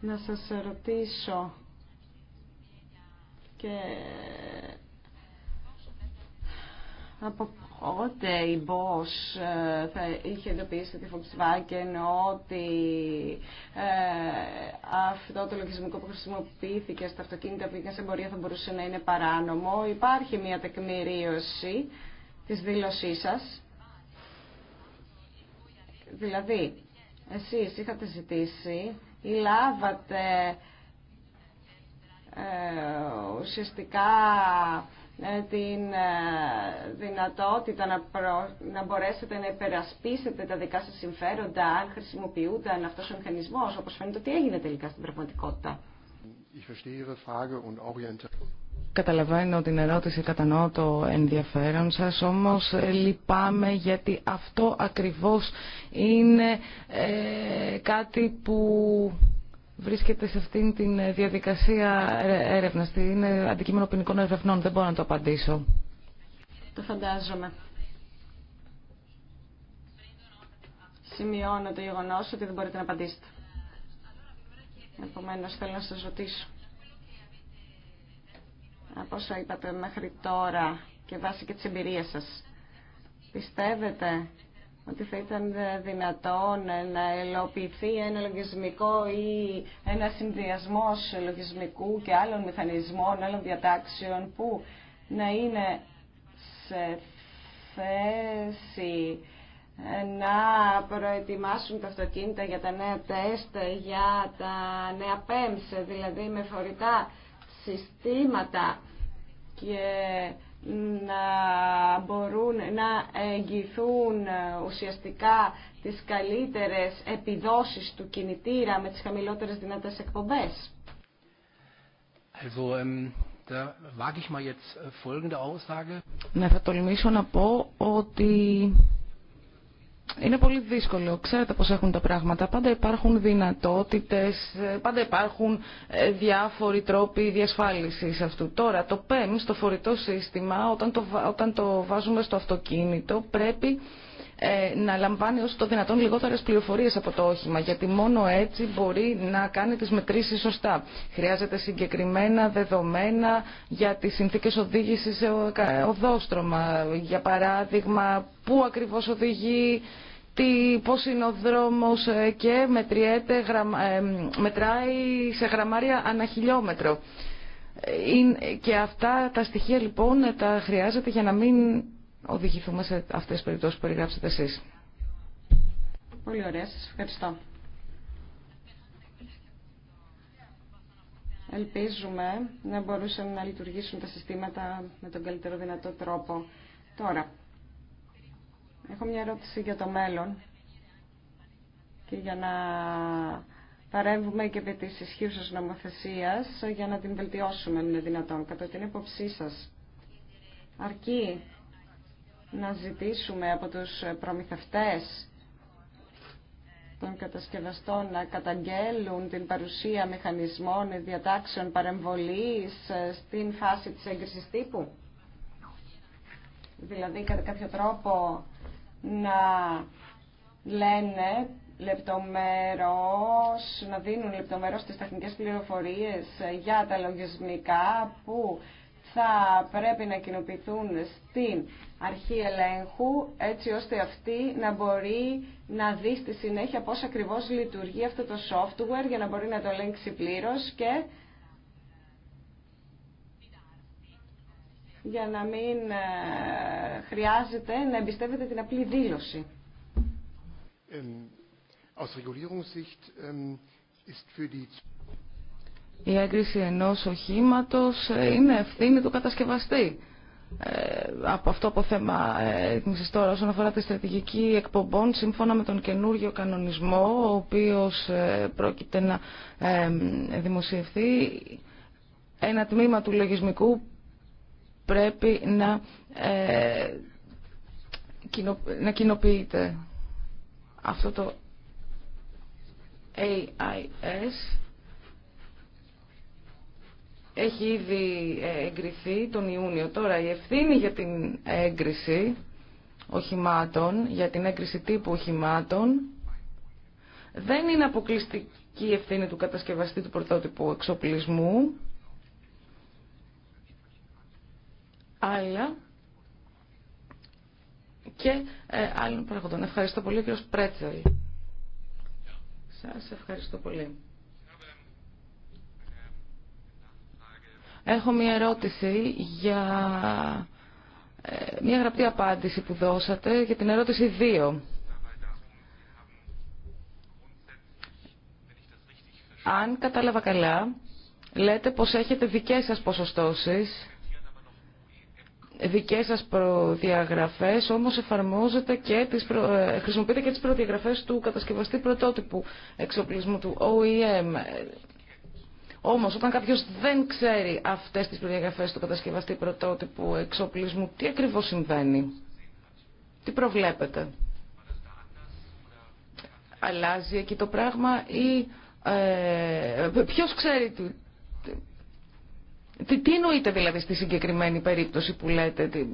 Να σας ρωτήσω και ε, από Οτι η Bosch ε, θα είχε εντοπίσει τη Volkswagen ότι ε, αυτό το λογισμικό που χρησιμοποιήθηκε στα αυτοκίνητα που είχε σε εμπορία θα μπορούσε να είναι παράνομο. Υπάρχει μια τεκμηρίωση της δήλωσή σας. Δηλαδή, εσείς είχατε ζητήσει ή λάβατε ε, ουσιαστικά ε, την ε, δυνατότητα να, προ... να μπορέσετε να υπερασπίσετε τα δικά σας συμφέροντα αν χρησιμοποιούνταν αυτός ο μηχανισμός, όπως φαίνεται ότι έγινε τελικά στην πραγματικότητα. Καταλαβαίνω την ερώτηση, κατανοώ το ενδιαφέρον σας, όμως ε, λυπάμαι γιατί αυτό ακριβώς είναι κάτι που βρίσκεται σε αυτήν την ε, διαδικασία έρευνα. Είναι αντικείμενο ποινικών ερευνών. Δεν μπορώ να το απαντήσω. Το φαντάζομαι. Σημειώνω το γεγονό ότι δεν μπορείτε να απαντήσετε. Επομένω, θέλω να σα ρωτήσω. Από όσα είπατε μέχρι τώρα και βάσει και τη εμπειρία σα, πιστεύετε ότι θα ήταν δυνατόν να ελοποιηθεί ένα λογισμικό ή ένα συνδυασμό λογισμικού και άλλων μηχανισμών, άλλων διατάξεων που να είναι σε θέση να προετοιμάσουν τα αυτοκίνητα για τα νέα τεστ, για τα νέα πέμψε, δηλαδή με φορητά συστήματα και να μπορούν να εγγυηθούν ε, ουσιαστικά τις καλύτερες επιδόσεις του κινητήρα με τις χαμηλότερες δυνατές εκπομπές. Also, ähm, da wage äh, ναι, θα τολμήσω να πω ότι είναι πολύ δύσκολο. Ξέρετε πώς έχουν τα πράγματα. Πάντα υπάρχουν δυνατότητες, ε, πάντα υπάρχουν ε, διάφοροι τρόποι διασφάλισης αυτού. Τώρα το PEM στο φορητό σύστημα, όταν το, όταν το βάζουμε στο αυτοκίνητο, πρέπει ε, να λαμβάνει όσο το δυνατόν λιγότερες πληροφορίες από το όχημα, γιατί μόνο έτσι μπορεί να κάνει τις μετρήσεις σωστά. Χρειάζεται συγκεκριμένα δεδομένα για τις συνθήκες οδήγησης σε ε, οδόστρωμα, για παράδειγμα πού ακριβώς οδηγεί, τι, πώς είναι ο δρόμος ε, και μετριέται, μετράει σε γραμμάρια ανά χιλιόμετρο. Και αυτά τα στοιχεία λοιπόν τα χρειάζεται για να μην οδηγηθούμε σε αυτές τις περιπτώσει που περιγράψατε εσείς. Πολύ ωραία, σα ευχαριστώ. Ελπίζουμε να μπορούσαν να λειτουργήσουν τα συστήματα με τον καλύτερο δυνατό τρόπο. Τώρα, έχω μια ερώτηση για το μέλλον και για να παρέμβουμε και με τις ισχύουσε νομοθεσίας για να την βελτιώσουμε, αν είναι δυνατόν. Κατά την έποψή σας, αρκεί να ζητήσουμε από τους προμηθευτές των κατασκευαστών να καταγγέλουν την παρουσία μηχανισμών διατάξεων παρεμβολής ε, στην φάση της έγκρισης τύπου. Δηλαδή κατά κάποιο τρόπο να λένε λεπτομερώς, να δίνουν λεπτομερώς τις τεχνικές πληροφορίες ε, για τα λογισμικά που θα πρέπει να κοινοποιηθούν στην αρχή ελέγχου έτσι ώστε αυτή να μπορεί να δει στη συνέχεια πώς ακριβώς λειτουργεί αυτό το software για να μπορεί να το ελέγξει πλήρως και για να μην ε, χρειάζεται να εμπιστεύεται την απλή δήλωση. Aus Regulierungssicht ist für die η έγκριση ενός οχήματος ε, είναι ευθύνη του κατασκευαστή. Ε, από αυτό το θέμα έκμησης ε, τώρα όσον αφορά τη στρατηγική εκπομπών σύμφωνα με τον καινούργιο κανονισμό ο οποίος ε, πρόκειται να δημοσιευθεί ένα τμήμα του λογισμικού πρέπει να, κοινο, να κοινοποιείται αυτό το AIS έχει ήδη ε, εγκριθεί τον Ιούνιο. Τώρα η ευθύνη για την έγκριση οχημάτων, για την έγκριση τύπου οχημάτων, δεν είναι αποκλειστική ευθύνη του κατασκευαστή του πρωτότυπου εξοπλισμού, αλλά και ε, άλλων πραγματών. Ευχαριστώ πολύ, κύριο Πρέτσελ. Σας ευχαριστώ πολύ. Έχω μία ερώτηση για ε, μία γραπτή απάντηση που δώσατε για την ερώτηση 2. Αν κατάλαβα καλά, λέτε πως έχετε δικές σας ποσοστώσεις, δικές σας προδιαγραφές, όμως εφαρμόζετε και τις ε, χρησιμοποιείτε και τις προδιαγραφές του κατασκευαστή πρωτότυπου εξοπλισμού του OEM. Όμως όταν κάποιος δεν ξέρει αυτές τις προδιαγραφές του κατασκευαστή πρωτότυπου εξοπλισμού, τι ακριβώς συμβαίνει, τι προβλέπετε. Αλλάζει εκεί το πράγμα ή ε, ποιος ξέρει τι, τι, τι εννοείται δηλαδή στη συγκεκριμένη περίπτωση που λέτε. Τι,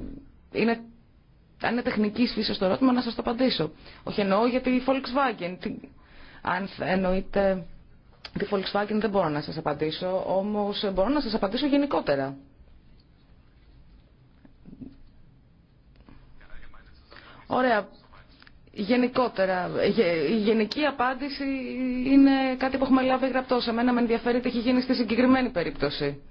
είναι, αν είναι τεχνικής φύσης το ερώτημα να σας το απαντήσω. Όχι εννοώ για τη Volkswagen. Τι, αν εννοείται τη Volkswagen δεν μπορώ να σας απαντήσω, όμως μπορώ να σας απαντήσω γενικότερα. Ωραία. Γενικότερα, η γενική απάντηση είναι κάτι που έχουμε λάβει γραπτό. Σε μένα με ενδιαφέρει τι έχει γίνει στη συγκεκριμένη περίπτωση.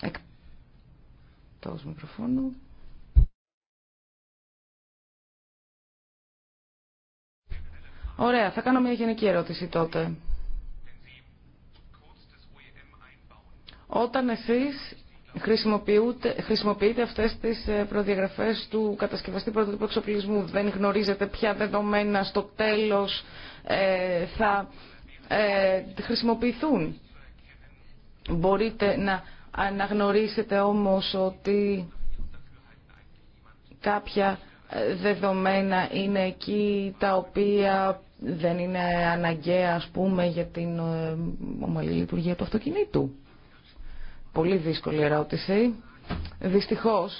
Εκτός Ωραία, θα κάνω μια γενική ερώτηση τότε. Όταν εσείς χρησιμοποιείτε αυτές τις ε, προδιαγραφές του κατασκευαστή πρωτοτύπου εξοπλισμού, δεν γνωρίζετε ποια δεδομένα στο τέλος ε, θα ε, χρησιμοποιηθούν. Μπορείτε να αναγνωρίσετε όμως ότι κάποια δεδομένα είναι εκεί τα οποία δεν είναι αναγκαία ας πούμε για την ε, ομαλή λειτουργία του αυτοκινήτου. Πολύ δύσκολη ερώτηση. Δυστυχώς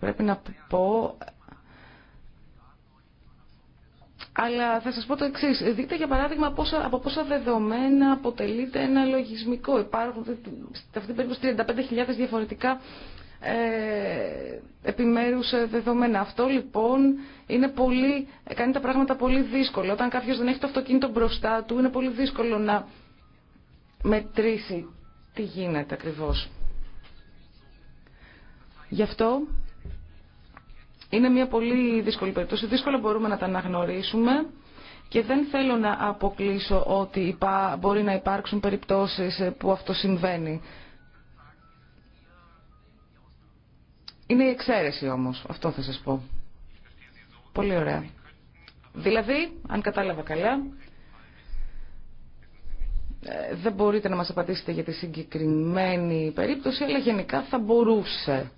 πρέπει να πω αλλά θα σας πω το εξής. Δείτε για παράδειγμα πόσα, από πόσα δεδομένα αποτελείται ένα λογισμικό. Υπάρχουν σε αυτή την περίπτωση 35.000 διαφορετικά ε, επιμέρους ε, δεδομένα. Αυτό λοιπόν είναι πολύ, κάνει τα πράγματα πολύ δύσκολα. Όταν κάποιος δεν έχει το αυτοκίνητο μπροστά του είναι πολύ δύσκολο να μετρήσει τι γίνεται ακριβώς. Γι' αυτό είναι μια πολύ δύσκολη περίπτωση. Δύσκολα μπορούμε να τα αναγνωρίσουμε και δεν θέλω να αποκλείσω ότι μπορεί να υπάρξουν περιπτώσεις ε, που αυτό συμβαίνει. Είναι η εξαίρεση όμως, αυτό θα σας πω. Πολύ ωραία. Δηλαδή, αν κατάλαβα καλά, ε, δεν μπορείτε να μας απαντήσετε για τη συγκεκριμένη περίπτωση, αλλά γενικά θα μπορούσε.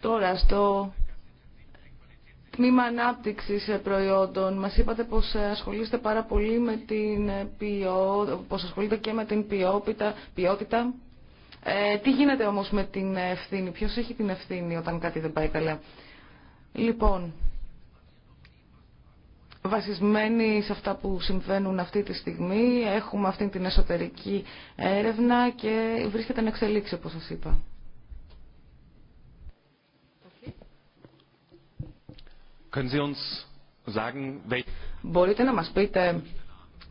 Τώρα, στο τμήμα ανάπτυξη προϊόντων. μας είπατε πως ασχολείστε πάρα πολύ με την ποιότητα, πως ασχολείται και με την ποιότητα, ποιότητα ε, τι γίνεται όμως με την ευθύνη, ποιος έχει την ευθύνη όταν κάτι δεν πάει καλά. Λοιπόν, βασισμένοι σε αυτά που συμβαίνουν αυτή τη στιγμή, έχουμε αυτή την εσωτερική έρευνα και βρίσκεται να εξελίξει όπως σας είπα. Μπορείτε να μας πείτε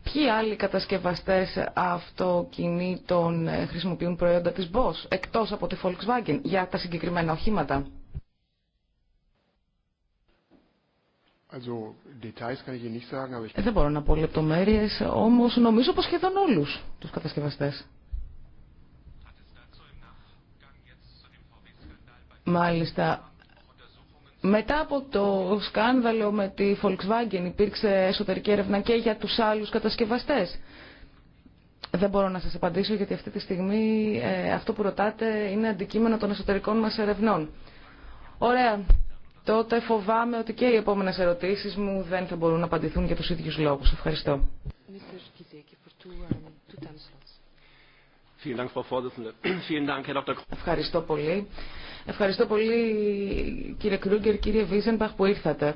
Ποιοι άλλοι κατασκευαστές αυτοκινήτων ε, χρησιμοποιούν προϊόντα της Bosch, εκτός από τη Volkswagen, για τα συγκεκριμένα οχήματα. Ε, δεν μπορώ να πω λεπτομέρειε, όμως νομίζω πως σχεδόν όλους τους κατασκευαστές. Μάλιστα, μετά από το σκάνδαλο με τη Volkswagen υπήρξε εσωτερική έρευνα και για τους άλλους κατασκευαστές. Δεν μπορώ να σας απαντήσω γιατί αυτή τη στιγμή ε, αυτό που ρωτάτε είναι αντικείμενο των εσωτερικών μας ερευνών. Ωραία. Τότε φοβάμαι ότι και οι επόμενες ερωτήσεις μου δεν θα μπορούν να απαντηθούν για τους ίδιους λόγους. Ευχαριστώ. Ευχαριστώ πολύ. Ευχαριστώ πολύ κύριε Κρούγκερ, κύριε Βίζενπαχ που ήρθατε.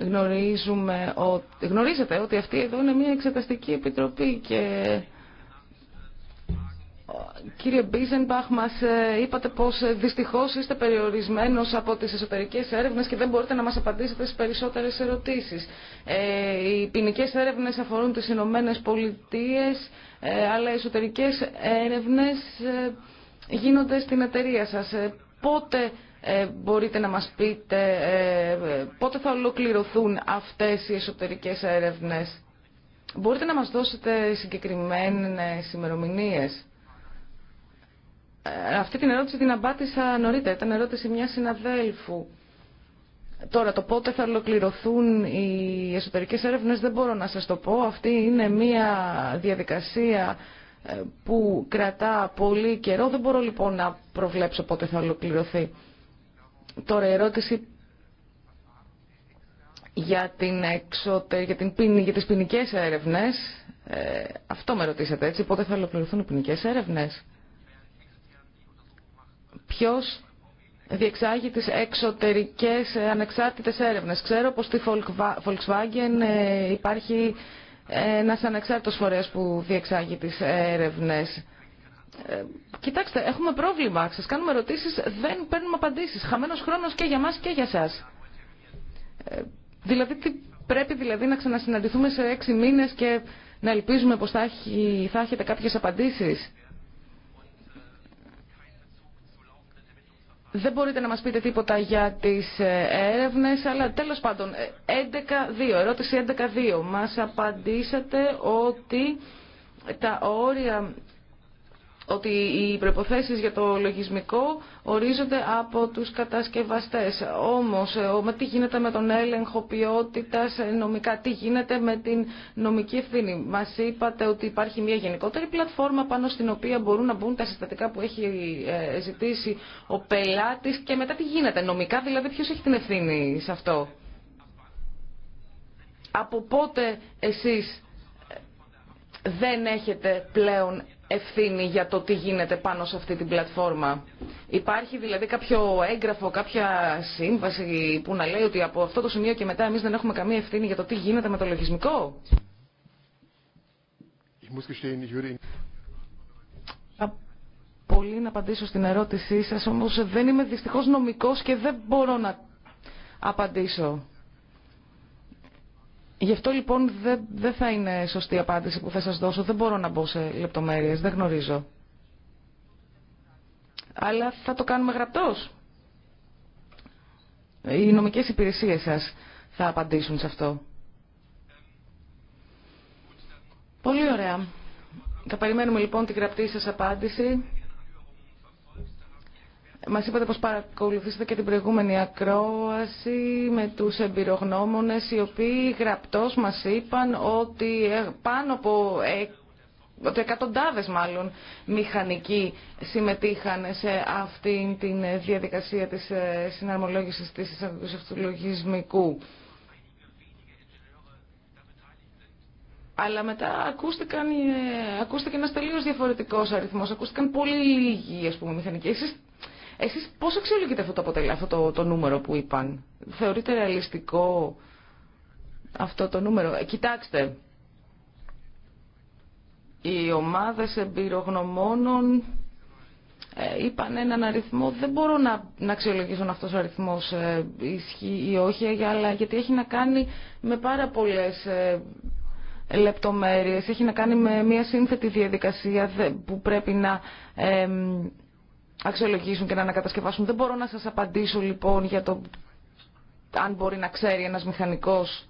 Γνωρίζουμε ο... Γνωρίζετε ότι αυτή εδώ είναι μια εξεταστική επιτροπή και Κύριε Μπίζενμπαχ, μας ε, είπατε πως ε, δυστυχώς είστε περιορισμένος από τις εσωτερικές έρευνες και δεν μπορείτε να μας απαντήσετε στις περισσότερες ερωτήσεις. Ε, οι ποινικέ έρευνες αφορούν τις Ηνωμένε Πολιτείες, αλλά οι εσωτερικές έρευνες γίνονται στην εταιρεία σας. Ε, πότε ε, μπορείτε να μας πείτε, ε, πότε θα ολοκληρωθούν αυτές οι εσωτερικές έρευνες. Μπορείτε να μας δώσετε συγκεκριμένες ημερομηνίες. Αυτή την ερώτηση την απάντησα νωρίτερα. Ήταν ερώτηση μια συναδέλφου. Τώρα το πότε θα ολοκληρωθούν οι εσωτερικές έρευνες δεν μπορώ να σας το πω. Αυτή είναι μια διαδικασία ε, που κρατά πολύ καιρό. Δεν μπορώ λοιπόν να προβλέψω πότε θα ολοκληρωθεί. Τώρα ερώτηση για, την την ποινη... για τις ποινικέ έρευνες. Ε, αυτό με ρωτήσατε έτσι, πότε θα ολοκληρωθούν οι ποινικέ έρευνες. Ποιος διεξάγει τις εξωτερικές ανεξάρτητες έρευνες. Ξέρω πως στη Volkswagen ε, υπάρχει ε, ένα ανεξάρτητο φορέα που διεξάγει τι έρευνες. Ε, κοιτάξτε, έχουμε πρόβλημα. Σας κάνουμε ερωτήσεις, δεν παίρνουμε απαντήσεις. Χαμένος χρόνος και για μας και για σας. Ε, δηλαδή, τι, πρέπει δηλαδή να ξανασυναντηθούμε σε έξι μήνες και να ελπίζουμε πως θα, θα έχετε κάποιε απαντήσεις. Δεν μπορείτε να μας πείτε τίποτα για τις ε, έρευνες, αλλά τέλος πάντων, 11.2, ε, ερώτηση 11.2. Μας απαντήσατε ότι τα όρια ότι οι προϋποθέσεις για το λογισμικό ορίζονται από τους κατασκευαστές. Όμως, ε, τι γίνεται με τον έλεγχο ποιότητας ε, νομικά, τι γίνεται με την νομική ευθύνη. Μας είπατε ότι υπάρχει μια γενικότερη πλατφόρμα πάνω στην οποία μπορούν να μπουν τα συστατικά που έχει ε, ζητήσει ο πελάτης και μετά τι γίνεται νομικά, δηλαδή ποιος έχει την ευθύνη σε αυτό. Από πότε εσείς δεν έχετε πλέον ευθύνη για το τι γίνεται πάνω σε αυτή την πλατφόρμα. Υπάρχει δηλαδή κάποιο έγγραφο, κάποια σύμβαση που να λέει ότι από αυτό το σημείο και μετά εμείς δεν έχουμε καμία ευθύνη για το τι γίνεται με το λογισμικό. Πολύ να απαντήσω στην ερώτησή σας, όμως δεν είμαι δυστυχώς νομικός και δεν μπορώ να απαντήσω. Γι' αυτό λοιπόν δεν θα είναι σωστή απάντηση που θα σας δώσω. Δεν μπορώ να μπω σε λεπτομέρειες, δεν γνωρίζω. Αλλά θα το κάνουμε γραπτός. Οι νομικές υπηρεσίες σας θα απαντήσουν σε αυτό. Πολύ ωραία. Θα περιμένουμε λοιπόν την γραπτή σας απάντηση. Μας είπατε πως παρακολουθήσατε και την προηγούμενη ακρόαση με τους εμπειρογνώμονες οι οποίοι γραπτός μας είπαν ότι ε, πάνω από ε, ότι εκατοντάδες μάλλον μηχανικοί συμμετείχαν σε αυτή τη διαδικασία της ε, συναρμολόγησης της αυτολογισμικού. Αλλά μετά ακούστηκαν, ακούστηκε ένας τελείως διαφορετικός αριθμός, ακούστηκαν πολύ λίγοι ας πούμε μηχανικοί. Εσείς πώς αξιολογείτε αυτό το, αυτό το, το νούμερο που είπαν. Θεωρείτε ρεαλιστικό αυτό το νούμερο. Ε, κοιτάξτε, οι ομάδες εμπειρογνωμόνων ε, είπαν έναν αριθμό. Δεν μπορώ να, να αξιολογήσω αν αυτός ο αριθμός ε, ισχύει ή όχι, αλλά γιατί έχει να κάνει με πάρα πολλές ε, λεπτομέρειες. Έχει να κάνει με μια σύνθετη διαδικασία που πρέπει να αξιολογήσουν και να ανακατασκευάσουν. Δεν μπορώ να σας απαντήσω λοιπόν για το αν μπορεί να ξέρει ένας μηχανικός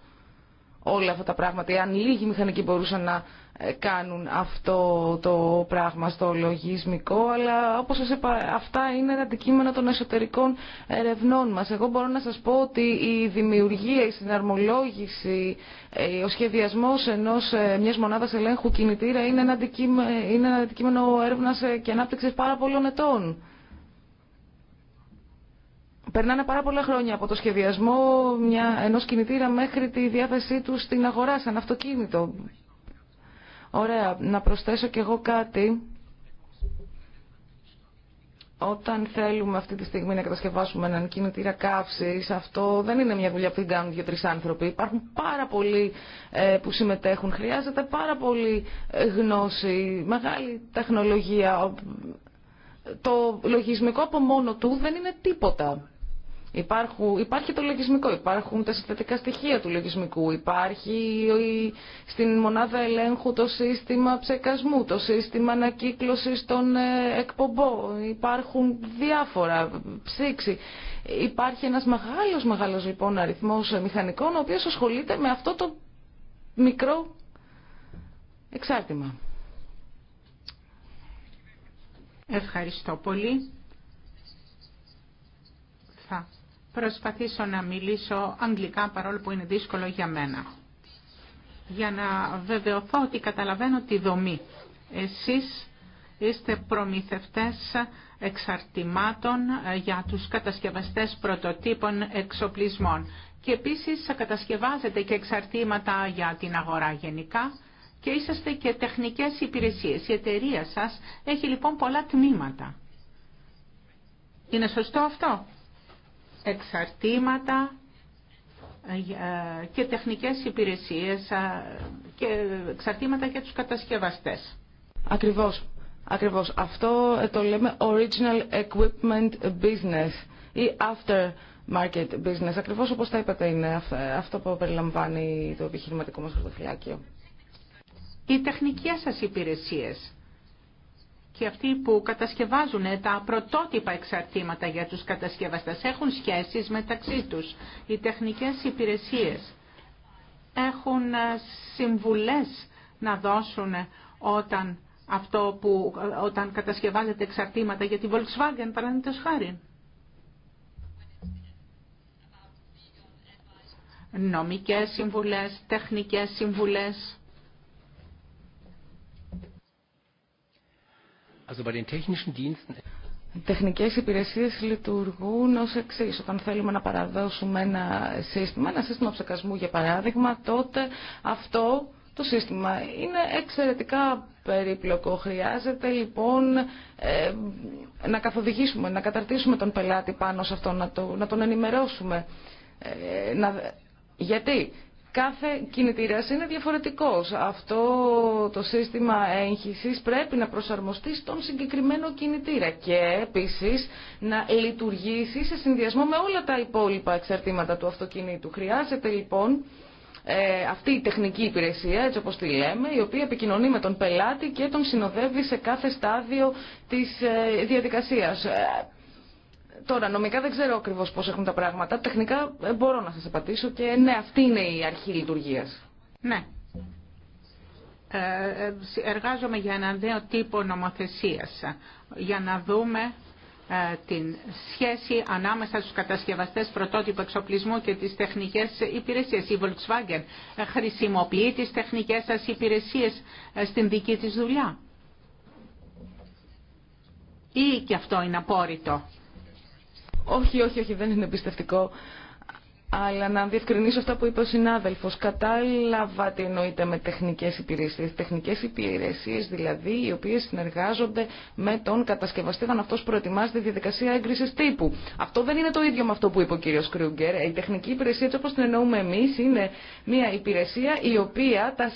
όλα αυτά τα πράγματα, αν λίγοι μηχανικοί μπορούσαν να ε, κάνουν αυτό το πράγμα στο λογισμικό, αλλά όπως σας είπα, αυτά είναι αντικείμενα των εσωτερικών ερευνών μας. Εγώ μπορώ να σας πω ότι η δημιουργία, η συναρμολόγηση, ε, ο σχεδιασμός ενός, ε, μιας μονάδας ελέγχου κινητήρα είναι ένα αντικείμενο, είναι ένα έρευνας και ανάπτυξης πάρα πολλών ετών. Περνάνε πάρα πολλά χρόνια από το σχεδιασμό μια, ενός κινητήρα μέχρι τη διάθεσή του στην αγορά σαν αυτοκίνητο. Ωραία, να προσθέσω κι εγώ κάτι. Όταν θέλουμε αυτή τη στιγμή να κατασκευάσουμε έναν κινητήρα καύση, αυτό δεν είναι μια δουλειά που την κάνουν δύο-τρει άνθρωποι. Υπάρχουν πάρα πολλοί ε, που συμμετέχουν. Χρειάζεται πάρα πολύ ε, γνώση, μεγάλη τεχνολογία. Το λογισμικό από μόνο του δεν είναι τίποτα. Υπάρχουν, υπάρχει το λογισμικό, υπάρχουν τα συστατικά στοιχεία του λογισμικού, υπάρχει στην μονάδα ελέγχου το σύστημα ψεκασμού, το σύστημα ανακύκλωσης των ε, εκπομπών, υπάρχουν διάφορα ψήξη. Υπάρχει ένας μεγάλος, μεγάλος λοιπόν αριθμός ε, μηχανικών, ο οποίος ασχολείται με αυτό το μικρό εξάρτημα. Ευχαριστώ πολύ. προσπαθήσω να μιλήσω αγγλικά παρόλο που είναι δύσκολο για μένα. Για να βεβαιωθώ ότι καταλαβαίνω τη δομή. Εσείς είστε προμηθευτές εξαρτημάτων ε, για τους κατασκευαστές πρωτοτύπων εξοπλισμών και επίσης κατασκευάζετε και εξαρτήματα για την αγορά γενικά και είσαστε και τεχνικές υπηρεσίες. Η εταιρεία σας έχει λοιπόν πολλά τμήματα. Είναι σωστό αυτό εξαρτήματα ε, και τεχνικές υπηρεσίες ε, και εξαρτήματα για τους κατασκευαστές. Ακριβώς. Ακριβώς. Αυτό ε, το λέμε Original Equipment Business ή After Market Business. Ακριβώς όπως τα είπατε είναι αυτό που περιλαμβάνει το επιχειρηματικό μας χαρτοφυλάκιο. Οι τεχνικές σας υπηρεσίες και αυτοί που κατασκευάζουν τα πρωτότυπα εξαρτήματα για τους κατασκευαστές έχουν σχέσεις μεταξύ τους. Οι τεχνικές υπηρεσίες έχουν ε, συμβουλές να δώσουν όταν, αυτό που, όταν κατασκευάζεται εξαρτήματα για τη Volkswagen παραδείγματος χάρη. Νομικές συμβουλές, τεχνικές συμβουλές Also bei den Τεχνικές υπηρεσίες λειτουργούν ω εξή. Όταν θέλουμε να παραδώσουμε ένα σύστημα, ένα σύστημα ψεκασμού για παράδειγμα, τότε αυτό το σύστημα είναι εξαιρετικά περίπλοκο. Χρειάζεται λοιπόν ε, να καθοδηγήσουμε, να καταρτήσουμε τον πελάτη πάνω σε αυτό, να, το, να τον ενημερώσουμε. Ε, να, γιατί Κάθε κινητήρας είναι διαφορετικός. Αυτό το σύστημα έγχυσης πρέπει να προσαρμοστεί στον συγκεκριμένο κινητήρα και επίσης να λειτουργήσει σε συνδυασμό με όλα τα υπόλοιπα εξαρτήματα του αυτοκινήτου. Χρειάζεται λοιπόν ε, αυτή η τεχνική υπηρεσία, έτσι όπως τη λέμε, η οποία επικοινωνεί με τον πελάτη και τον συνοδεύει σε κάθε στάδιο της ε, διαδικασίας. Ε, Τώρα, νομικά δεν ξέρω ακριβώ πώ έχουν τα πράγματα. Τεχνικά ε, μπορώ να σα απαντήσω και ναι, αυτή είναι η αρχή λειτουργία. Ναι. Ε, ε, εργάζομαι για ένα νέο τύπο νομοθεσία. για να δούμε την σχέση ανάμεσα στους κατασκευαστές πρωτότυπου εξοπλισμού και τις τεχνικές υπηρεσίες. Η Volkswagen χρησιμοποιεί τις τεχνικές σας υπηρεσίες στην δική της δουλειά. Ή και αυτό είναι απόρριτο. Όχι, όχι, όχι, δεν είναι εμπιστευτικό αλλά να διευκρινίσω αυτά που είπε ο συνάδελφο. Κατάλαβα τι εννοείται με τεχνικέ υπηρεσίε. Τεχνικέ υπηρεσίε δηλαδή οι οποίε συνεργάζονται με τον κατασκευαστή όταν αυτό προετοιμάζει τη διαδικασία έγκριση τύπου. Αυτό δεν είναι το ίδιο με αυτό που είπε ο κύριο Κρούγκερ. Η τεχνική υπηρεσία, έτσι όπω την εννοούμε εμεί, είναι μια υπηρεσία η οποία τα,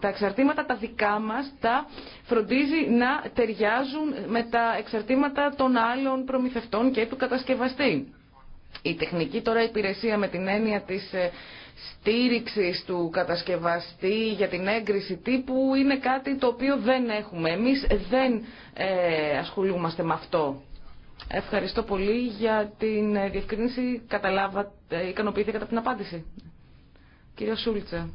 τα εξαρτήματα τα δικά μα τα φροντίζει να ταιριάζουν με τα εξαρτήματα των άλλων προμηθευτών και του κατασκευαστή. Η τεχνική τώρα υπηρεσία με την έννοια της ε, στήριξης του κατασκευαστή για την έγκριση τύπου είναι κάτι το οποίο δεν έχουμε. Εμείς δεν ε, ασχολούμαστε με αυτό. Ευχαριστώ πολύ για την ε, διευκρίνηση. Καταλάβατε, ικανοποιήθηκατε από την απάντηση. Κύριε Σούλτσα.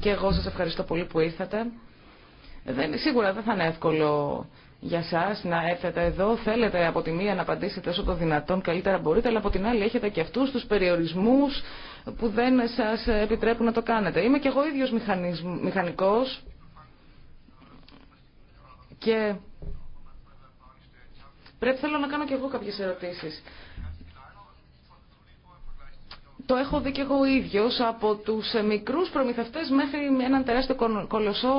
Και εγώ σας ευχαριστώ πολύ που ήρθατε. Δεν, σίγουρα δεν θα είναι εύκολο για σας να έρθετε εδώ. Θέλετε από τη μία να απαντήσετε όσο το δυνατόν καλύτερα μπορείτε, αλλά από την άλλη έχετε και αυτούς τους περιορισμούς που δεν σας επιτρέπουν να το κάνετε. Είμαι και εγώ ίδιος μηχανικός και πρέπει θέλω να κάνω και εγώ κάποιες ερωτήσεις το έχω δει και εγώ ίδιος από του ε, μικρούς προμηθευτές μέχρι έναν τεράστιο κολοσσό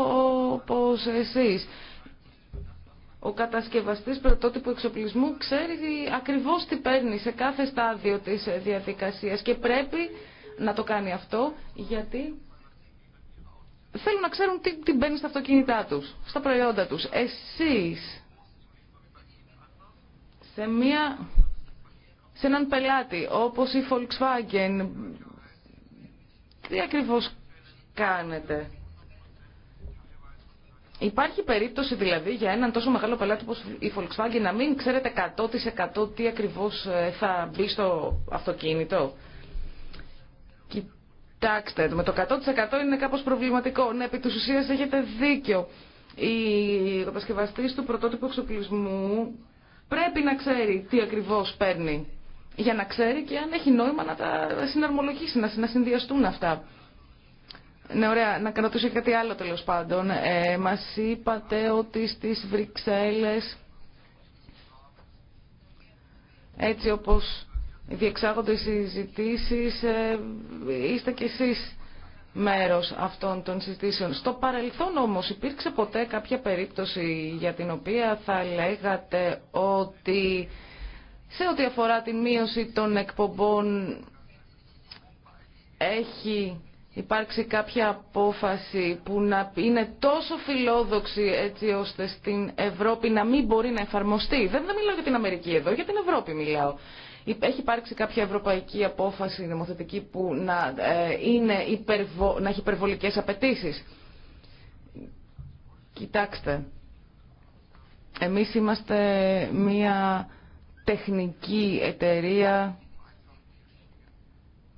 όπως εσείς. Ο κατασκευαστής πρωτότυπου εξοπλισμού ξέρει ακριβώς τι παίρνει σε κάθε στάδιο της ε, διαδικασίας και πρέπει να το κάνει αυτό γιατί θέλουν να ξέρουν τι, τι μπαίνει στα αυτοκίνητά του, στα προϊόντα τους. Εσείς σε μία σε έναν πελάτη όπως η Volkswagen. Τι ακριβώς κάνετε. Υπάρχει περίπτωση δηλαδή για έναν τόσο μεγάλο πελάτη όπως η Volkswagen να μην ξέρετε 100% τι ακριβώς ε, θα μπει στο αυτοκίνητο. Κοιτάξτε, με το 100% είναι κάπως προβληματικό. Ναι, επί της ουσίας έχετε δίκιο. Η κατασκευαστή του πρωτότυπου εξοπλισμού πρέπει να ξέρει τι ακριβώς παίρνει για να ξέρει και αν έχει νόημα να τα συναρμολογήσει, να συνδυαστούν αυτά. Ναι, ωραία. Να κρατούσε κάτι άλλο τέλο πάντων. Ε, Μα είπατε ότι στι Βρυξέλλε. Έτσι όπως διεξάγονται οι συζητήσεις, ε, είστε κι εσείς μέρος αυτών των συζητήσεων. Στο παρελθόν όμως υπήρξε ποτέ κάποια περίπτωση για την οποία θα λέγατε ότι σε ό,τι αφορά τη μείωση των εκπομπών έχει υπάρξει κάποια απόφαση που να είναι τόσο φιλόδοξη έτσι ώστε στην Ευρώπη να μην μπορεί να εφαρμοστεί. Δεν, δεν μιλάω για την Αμερική εδώ, για την Ευρώπη μιλάω. Έχει υπάρξει κάποια ευρωπαϊκή απόφαση νομοθετική που να, ε, είναι υπερβο, να έχει υπερβολικές απαιτήσει. Κοιτάξτε, εμείς είμαστε μία τεχνική εταιρεία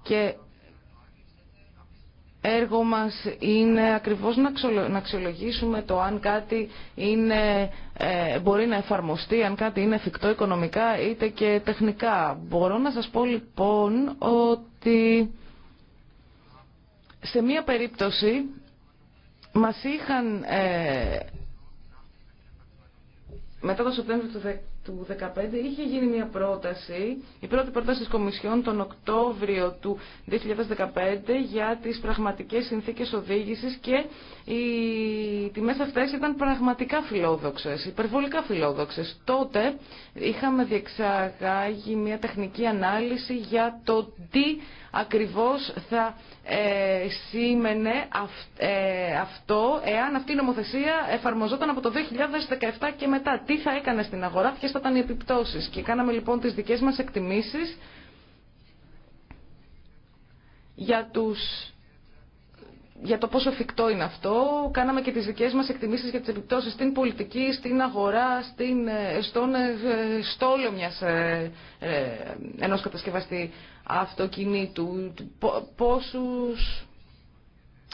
και έργο μας είναι ακριβώς να αξιολογήσουμε το αν κάτι είναι, ε, μπορεί να εφαρμοστεί, αν κάτι είναι εφικτό οικονομικά είτε και τεχνικά. Μπορώ να σας πω λοιπόν ότι σε μία περίπτωση μας είχαν ε, μετά το Σεπτέμβριο του του 2015 είχε γίνει μια πρόταση, η πρώτη πρόταση της Κομισιόν τον Οκτώβριο του 2015 για τις πραγματικές συνθήκες οδήγησης και οι τιμές αυτές ήταν πραγματικά φιλόδοξες, υπερβολικά φιλόδοξες. Τότε είχαμε διεξαγάγει μια τεχνική ανάλυση για το τι ακριβώς θα ε, σήμαινε ε, αυτό εάν αυτή η νομοθεσία εφαρμοζόταν από το 2017 και μετά. Τι θα έκανε στην αγορά, ποιες θα ήταν οι επιπτώσεις. Και κάναμε λοιπόν τις δικές μας εκτιμήσεις για τους για το πόσο φυκτό είναι αυτό. Κάναμε και τις δικές μας εκτιμήσεις για τις επιπτώσεις στην πολιτική, στην αγορά, στην, ε, στον ε, ε, στόλο μιας, ενός κατασκευαστή αυτοκινήτου. Πόσους,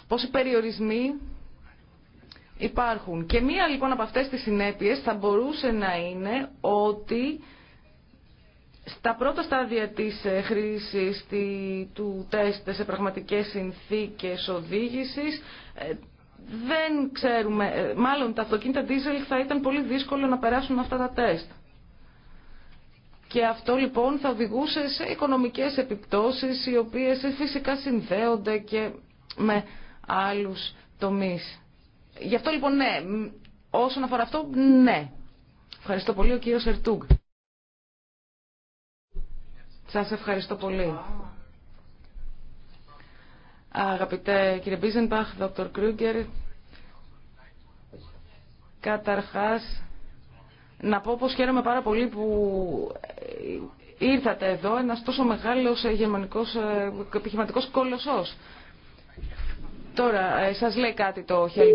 πόσοι περιορισμοί υπάρχουν. Και μία λοιπόν από αυτές τις συνέπειες θα μπορούσε να είναι ότι στα πρώτα στάδια της ε, χρήσης του τεστ σε πραγματικές συνθήκες οδήγησης ε, δεν ξέρουμε, ε, μάλλον τα αυτοκίνητα diesel θα ήταν πολύ δύσκολο να περάσουν αυτά τα τεστ. Και αυτό λοιπόν θα οδηγούσε σε οικονομικές επιπτώσεις οι οποίες φυσικά συνδέονται και με άλλους τομείς. Γι' αυτό λοιπόν ναι, όσον αφορά αυτό ναι. Ευχαριστώ πολύ ο κύριος Ερτούγκ. Σας ευχαριστώ πολύ. Αγαπητέ κύριε Μπίζενπαχ, Δόκτωρ Κρούγκερ, καταρχάς να πω πως χαίρομαι πάρα πολύ που ε, ήρθατε εδώ ένας τόσο μεγάλος ε, γερμανικός ε, επιχειρηματικός κολοσσός. Τώρα, σας λέει κάτι το χέρι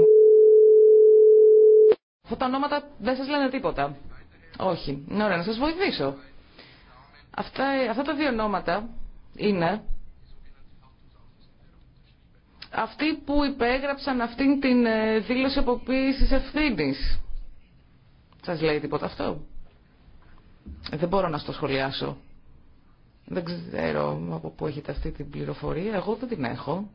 Αυτά τα ονόματα δεν σας λένε τίποτα. Όχι. Ναι, ωραία, να σας βοηθήσω. Αυτά, αυτά τα δύο ονόματα είναι αυτοί που υπέγραψαν αυτήν την ε, δήλωση αποποίησης ευθύνης. Σας λέει τίποτα αυτό. Ε, δεν μπορώ να στο σχολιάσω. Δεν ξέρω από πού έχετε αυτή την πληροφορία. Εγώ δεν την έχω.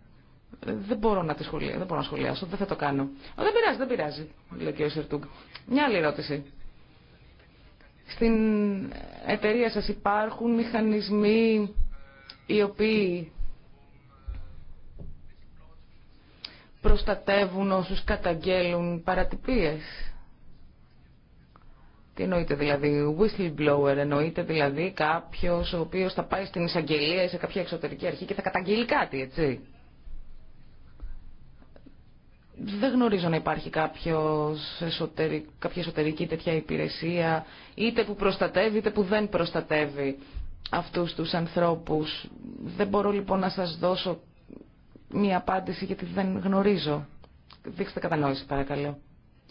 Ε, δεν μπορώ να τη σχολιάσω. Δεν μπορώ να σχολιάσω. Δεν θα το κάνω. δεν πειράζει, δεν πειράζει, λέει ο κ. Σερτούγκ. Μια άλλη ερώτηση. Στην εταιρεία σας υπάρχουν μηχανισμοί οι οποίοι προστατεύουν όσους καταγγέλουν παρατυπίες. Τι εννοείται δηλαδή, whistleblower εννοείται δηλαδή κάποιος ο οποίος θα πάει στην εισαγγελία ή σε κάποια εξωτερική αρχή και θα καταγγείλει κάτι, έτσι δεν γνωρίζω να υπάρχει κάποιος κάποια εσωτερική τέτοια υπηρεσία, είτε που προστατεύει είτε που δεν προστατεύει αυτούς τους ανθρώπους. Δεν μπορώ λοιπόν να σας δώσω μία απάντηση γιατί δεν γνωρίζω. Δείξτε κατανόηση παρακαλώ.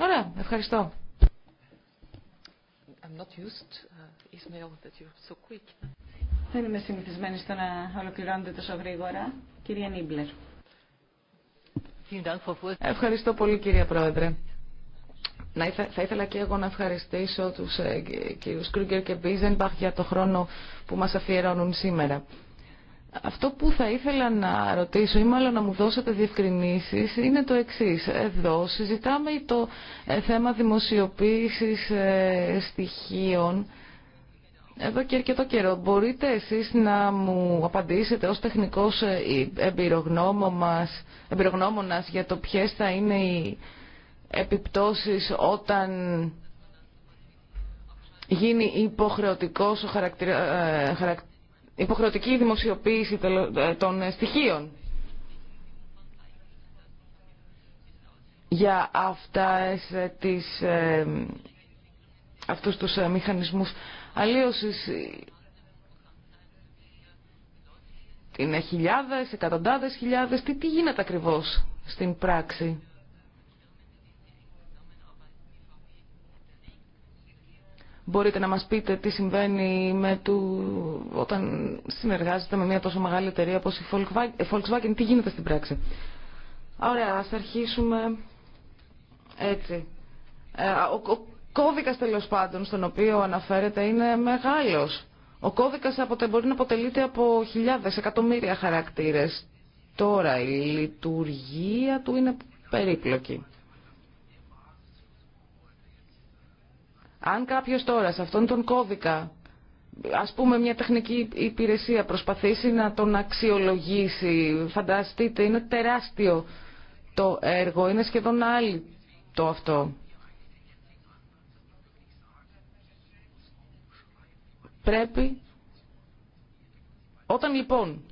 Ωραία, ευχαριστώ. Uh, δεν είμαι συνηθισμένη στο να ολοκληρώνετε τόσο γρήγορα. Κυρία Νίμπλερ. Ευχαριστώ πολύ κύριε Πρόεδρε. Να θα ήθελα και εγώ να ευχαριστήσω τους ε, κύριους Κρούγκερ και Μπίζενμπαχ για το χρόνο που μας αφιερώνουν σήμερα. Αυτό που θα ήθελα να ρωτήσω ή μάλλον να μου δώσετε διευκρινήσεις είναι το εξής. Εδώ συζητάμε το ε, θέμα δημοσιοποίησης ε, στοιχείων εδώ και αρκετό καιρό. Μπορείτε εσείς να μου απαντήσετε ως τεχνικός ε, εμπειρογνώμονας για το ποιες θα είναι οι επιπτώσεις όταν γίνει υποχρεωτικός ο ε, υποχρεωτική δημοσιοποίηση ε, των στοιχείων. για αυτά τις, αυτούς τους μηχανισμούς αλλίως είναι χιλιάδες, εκατοντάδες χιλιάδες, τι, τι γίνεται ακριβώς στην πράξη. Μπορείτε να μας πείτε τι συμβαίνει με του... όταν συνεργάζεται με μια τόσο μεγάλη εταιρεία όπως η ε, Volkswagen, τι γίνεται στην πράξη. Ωραία, ας αρχίσουμε έτσι. Ε, κώδικας τέλο πάντων στον οποίο αναφέρεται είναι μεγάλος. Ο κώδικας μπορεί να αποτελείται από χιλιάδες, εκατομμύρια χαρακτήρες. Τώρα η λειτουργία του είναι περίπλοκη. Αν κάποιος τώρα σε αυτόν τον κώδικα, ας πούμε μια τεχνική υπηρεσία προσπαθήσει να τον αξιολογήσει, φανταστείτε είναι τεράστιο το έργο, είναι σχεδόν άλλη το αυτό. πρέπει όταν λοιπόν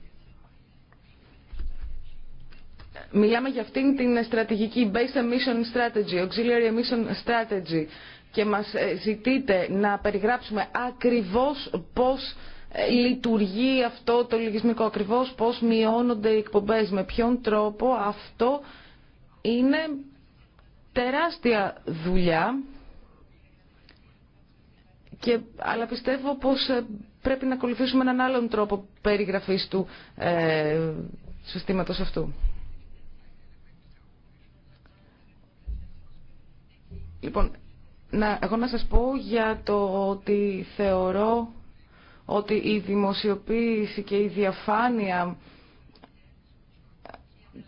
μιλάμε για αυτήν την στρατηγική Based Emission Strategy, Auxiliary Emission Strategy και μας ε, ζητείτε να περιγράψουμε ακριβώς πώς ε, λειτουργεί αυτό το λογισμικό, ακριβώς πώς μειώνονται οι εκπομπές, με ποιον τρόπο αυτό είναι τεράστια δουλειά και, αλλά πιστεύω πως ε, πρέπει να ακολουθήσουμε έναν άλλον τρόπο περιγραφής του ε, συστήματος αυτού. Λοιπόν, να, εγώ να σας πω για το ότι θεωρώ ότι η δημοσιοποίηση και η διαφάνεια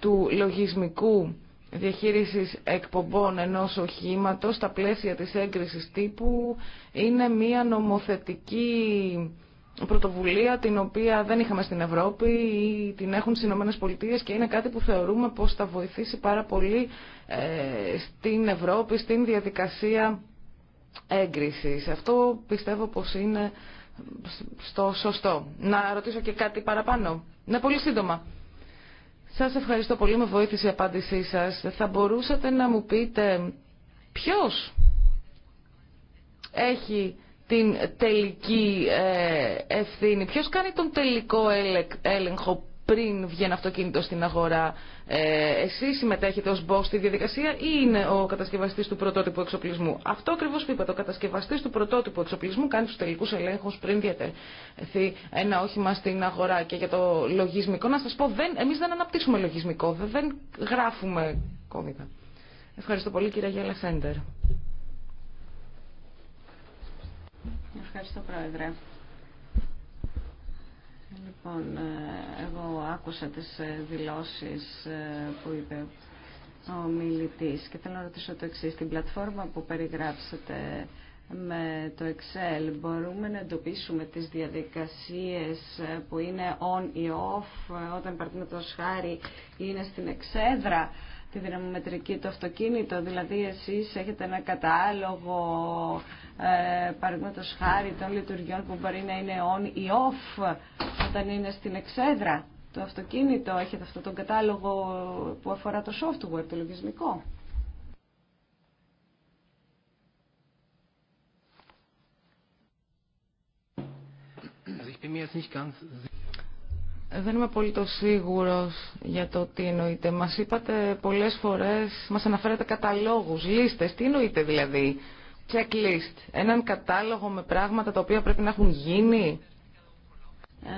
του λογισμικού διαχείρισης εκπομπών ενός οχήματος στα πλαίσια της έγκρισης τύπου είναι μια νομοθετική πρωτοβουλία την οποία δεν είχαμε στην Ευρώπη ή την έχουν στι Ηνωμένες Πολιτείες και είναι κάτι που θεωρούμε πως θα βοηθήσει πάρα πολύ ε, στην Ευρώπη, στην διαδικασία έγκρισης. Αυτό πιστεύω πως είναι στο σωστό. Να ρωτήσω και κάτι παραπάνω. Ναι, πολύ σύντομα. Σας ευχαριστώ πολύ, με βοήθηση η απάντησή σας. Θα μπορούσατε να μου πείτε ποιος έχει την τελική ε, ευθύνη, ποιος κάνει τον τελικό έλεγχο πριν βγει ένα αυτοκίνητο στην αγορά. Ε, συμμετέχετε ω boss στη διαδικασία ή είναι ο κατασκευαστή του πρωτότυπου εξοπλισμού. Αυτό ακριβώ που είπατε, ο κατασκευαστή του πρωτότυπου εξοπλισμού κάνει του τελικού ελέγχους πριν διατεθεί ένα όχημα στην αγορά. Και για το λογισμικό να σα πω, Εμεί δεν αναπτύσσουμε λογισμικό, δεν γράφουμε κόμματα. Ευχαριστώ πολύ κυρία Γιάλα Σέντερ. Ευχαριστώ Πρόεδρε. Λοιπόν, ε, εγώ άκουσα τις ε, δηλώσεις ε, που είπε ο μιλητής και θέλω να ρωτήσω το εξή, Στην πλατφόρμα που περιγράψατε με το Excel μπορούμε να εντοπίσουμε τις διαδικασίες που είναι on ή off όταν το χάρη είναι στην εξέδρα τη δυναμομετρική το αυτοκίνητο, δηλαδή εσείς έχετε ένα κατάλογο ε, χάρη των λειτουργιών που μπορεί να είναι on ή off όταν είναι στην εξέδρα το αυτοκίνητο, έχετε αυτόν τον κατάλογο που αφορά το software, το λογισμικό. Δεν είμαι πολύ το σίγουρος για το τι εννοείται. Μας είπατε πολλές φορές, μας αναφέρατε καταλόγους, λίστες. Τι εννοείται δηλαδή, checklist, έναν κατάλογο με πράγματα τα οποία πρέπει να έχουν γίνει.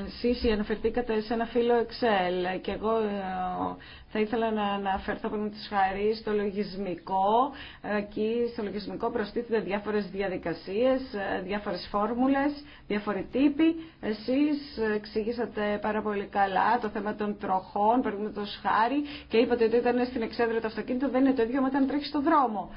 Εσείς αναφερθήκατε σε ένα φύλλο Excel και εγώ ε, θα ήθελα να αναφερθώ πριν του χάρη στο λογισμικό. Εκεί στο λογισμικό προστίθενται διάφορες διαδικασίες, ε, διάφορες φόρμουλες, διάφοροι τύποι. Εσείς εξήγησατε πάρα πολύ καλά το θέμα των τροχών, παραδείγματος χάρη και είπατε ότι όταν είναι στην εξέδρα το αυτοκίνητο δεν είναι το ίδιο όταν τρέχει στον δρόμο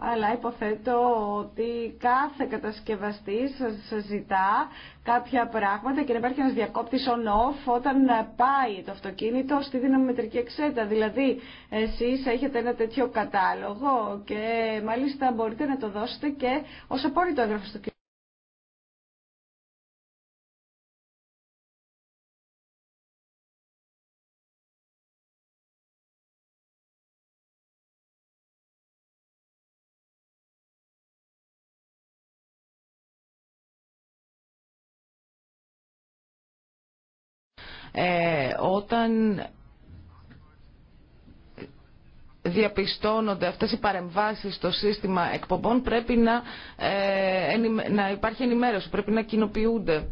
αλλά υποθέτω ότι κάθε κατασκευαστής σας ζητά κάποια πράγματα και να υπάρχει ένας διακόπτης on-off όταν πάει το αυτοκίνητο στη δυναμητρική εξέτα. Δηλαδή, εσείς έχετε ένα τέτοιο κατάλογο και μάλιστα μπορείτε να το δώσετε και ως απόρριτο έγγραφο στο Ε, όταν διαπιστώνονται αυτές οι παρεμβάσεις στο σύστημα εκπομπών πρέπει να, ε, να υπάρχει ενημέρωση, πρέπει να κοινοποιούνται.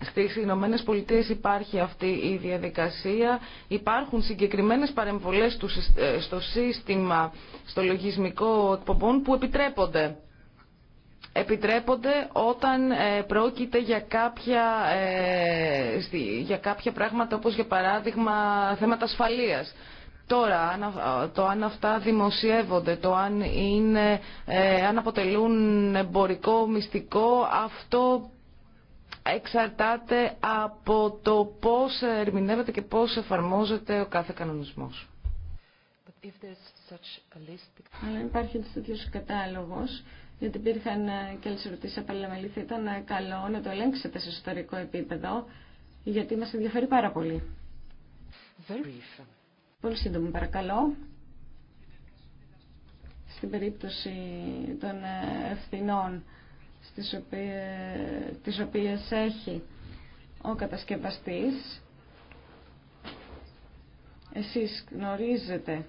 Στις Ηνωμένε Πολιτείες υπάρχει αυτή η διαδικασία. Υπάρχουν συγκεκριμένες παρεμβολές ε, στο σύστημα, στο λογισμικό εκπομπών που επιτρέπονται επιτρέπονται όταν ε, πρόκειται για κάποια, ε, για κάποια πράγματα όπως για παράδειγμα θέματα ασφαλείας. Τώρα, το αν αυτά δημοσιεύονται, το αν, είναι, ε, αν αποτελούν εμπορικό μυστικό, αυτό εξαρτάται από το πώς ερμηνεύεται και πώς εφαρμόζεται ο κάθε κανονισμός. Αλλά υπάρχει τέτοιο κατάλογος, γιατί υπήρχαν ε, και άλλε ερωτήσει από ήταν ε, καλό να το ελέγξετε σε ιστορικό επίπεδο, γιατί μας ενδιαφέρει πάρα πολύ. πολύ σύντομα, παρακαλώ. Στην περίπτωση των ε, ευθυνών τι οποίε τις οποίες έχει ο κατασκευαστής, εσείς γνωρίζετε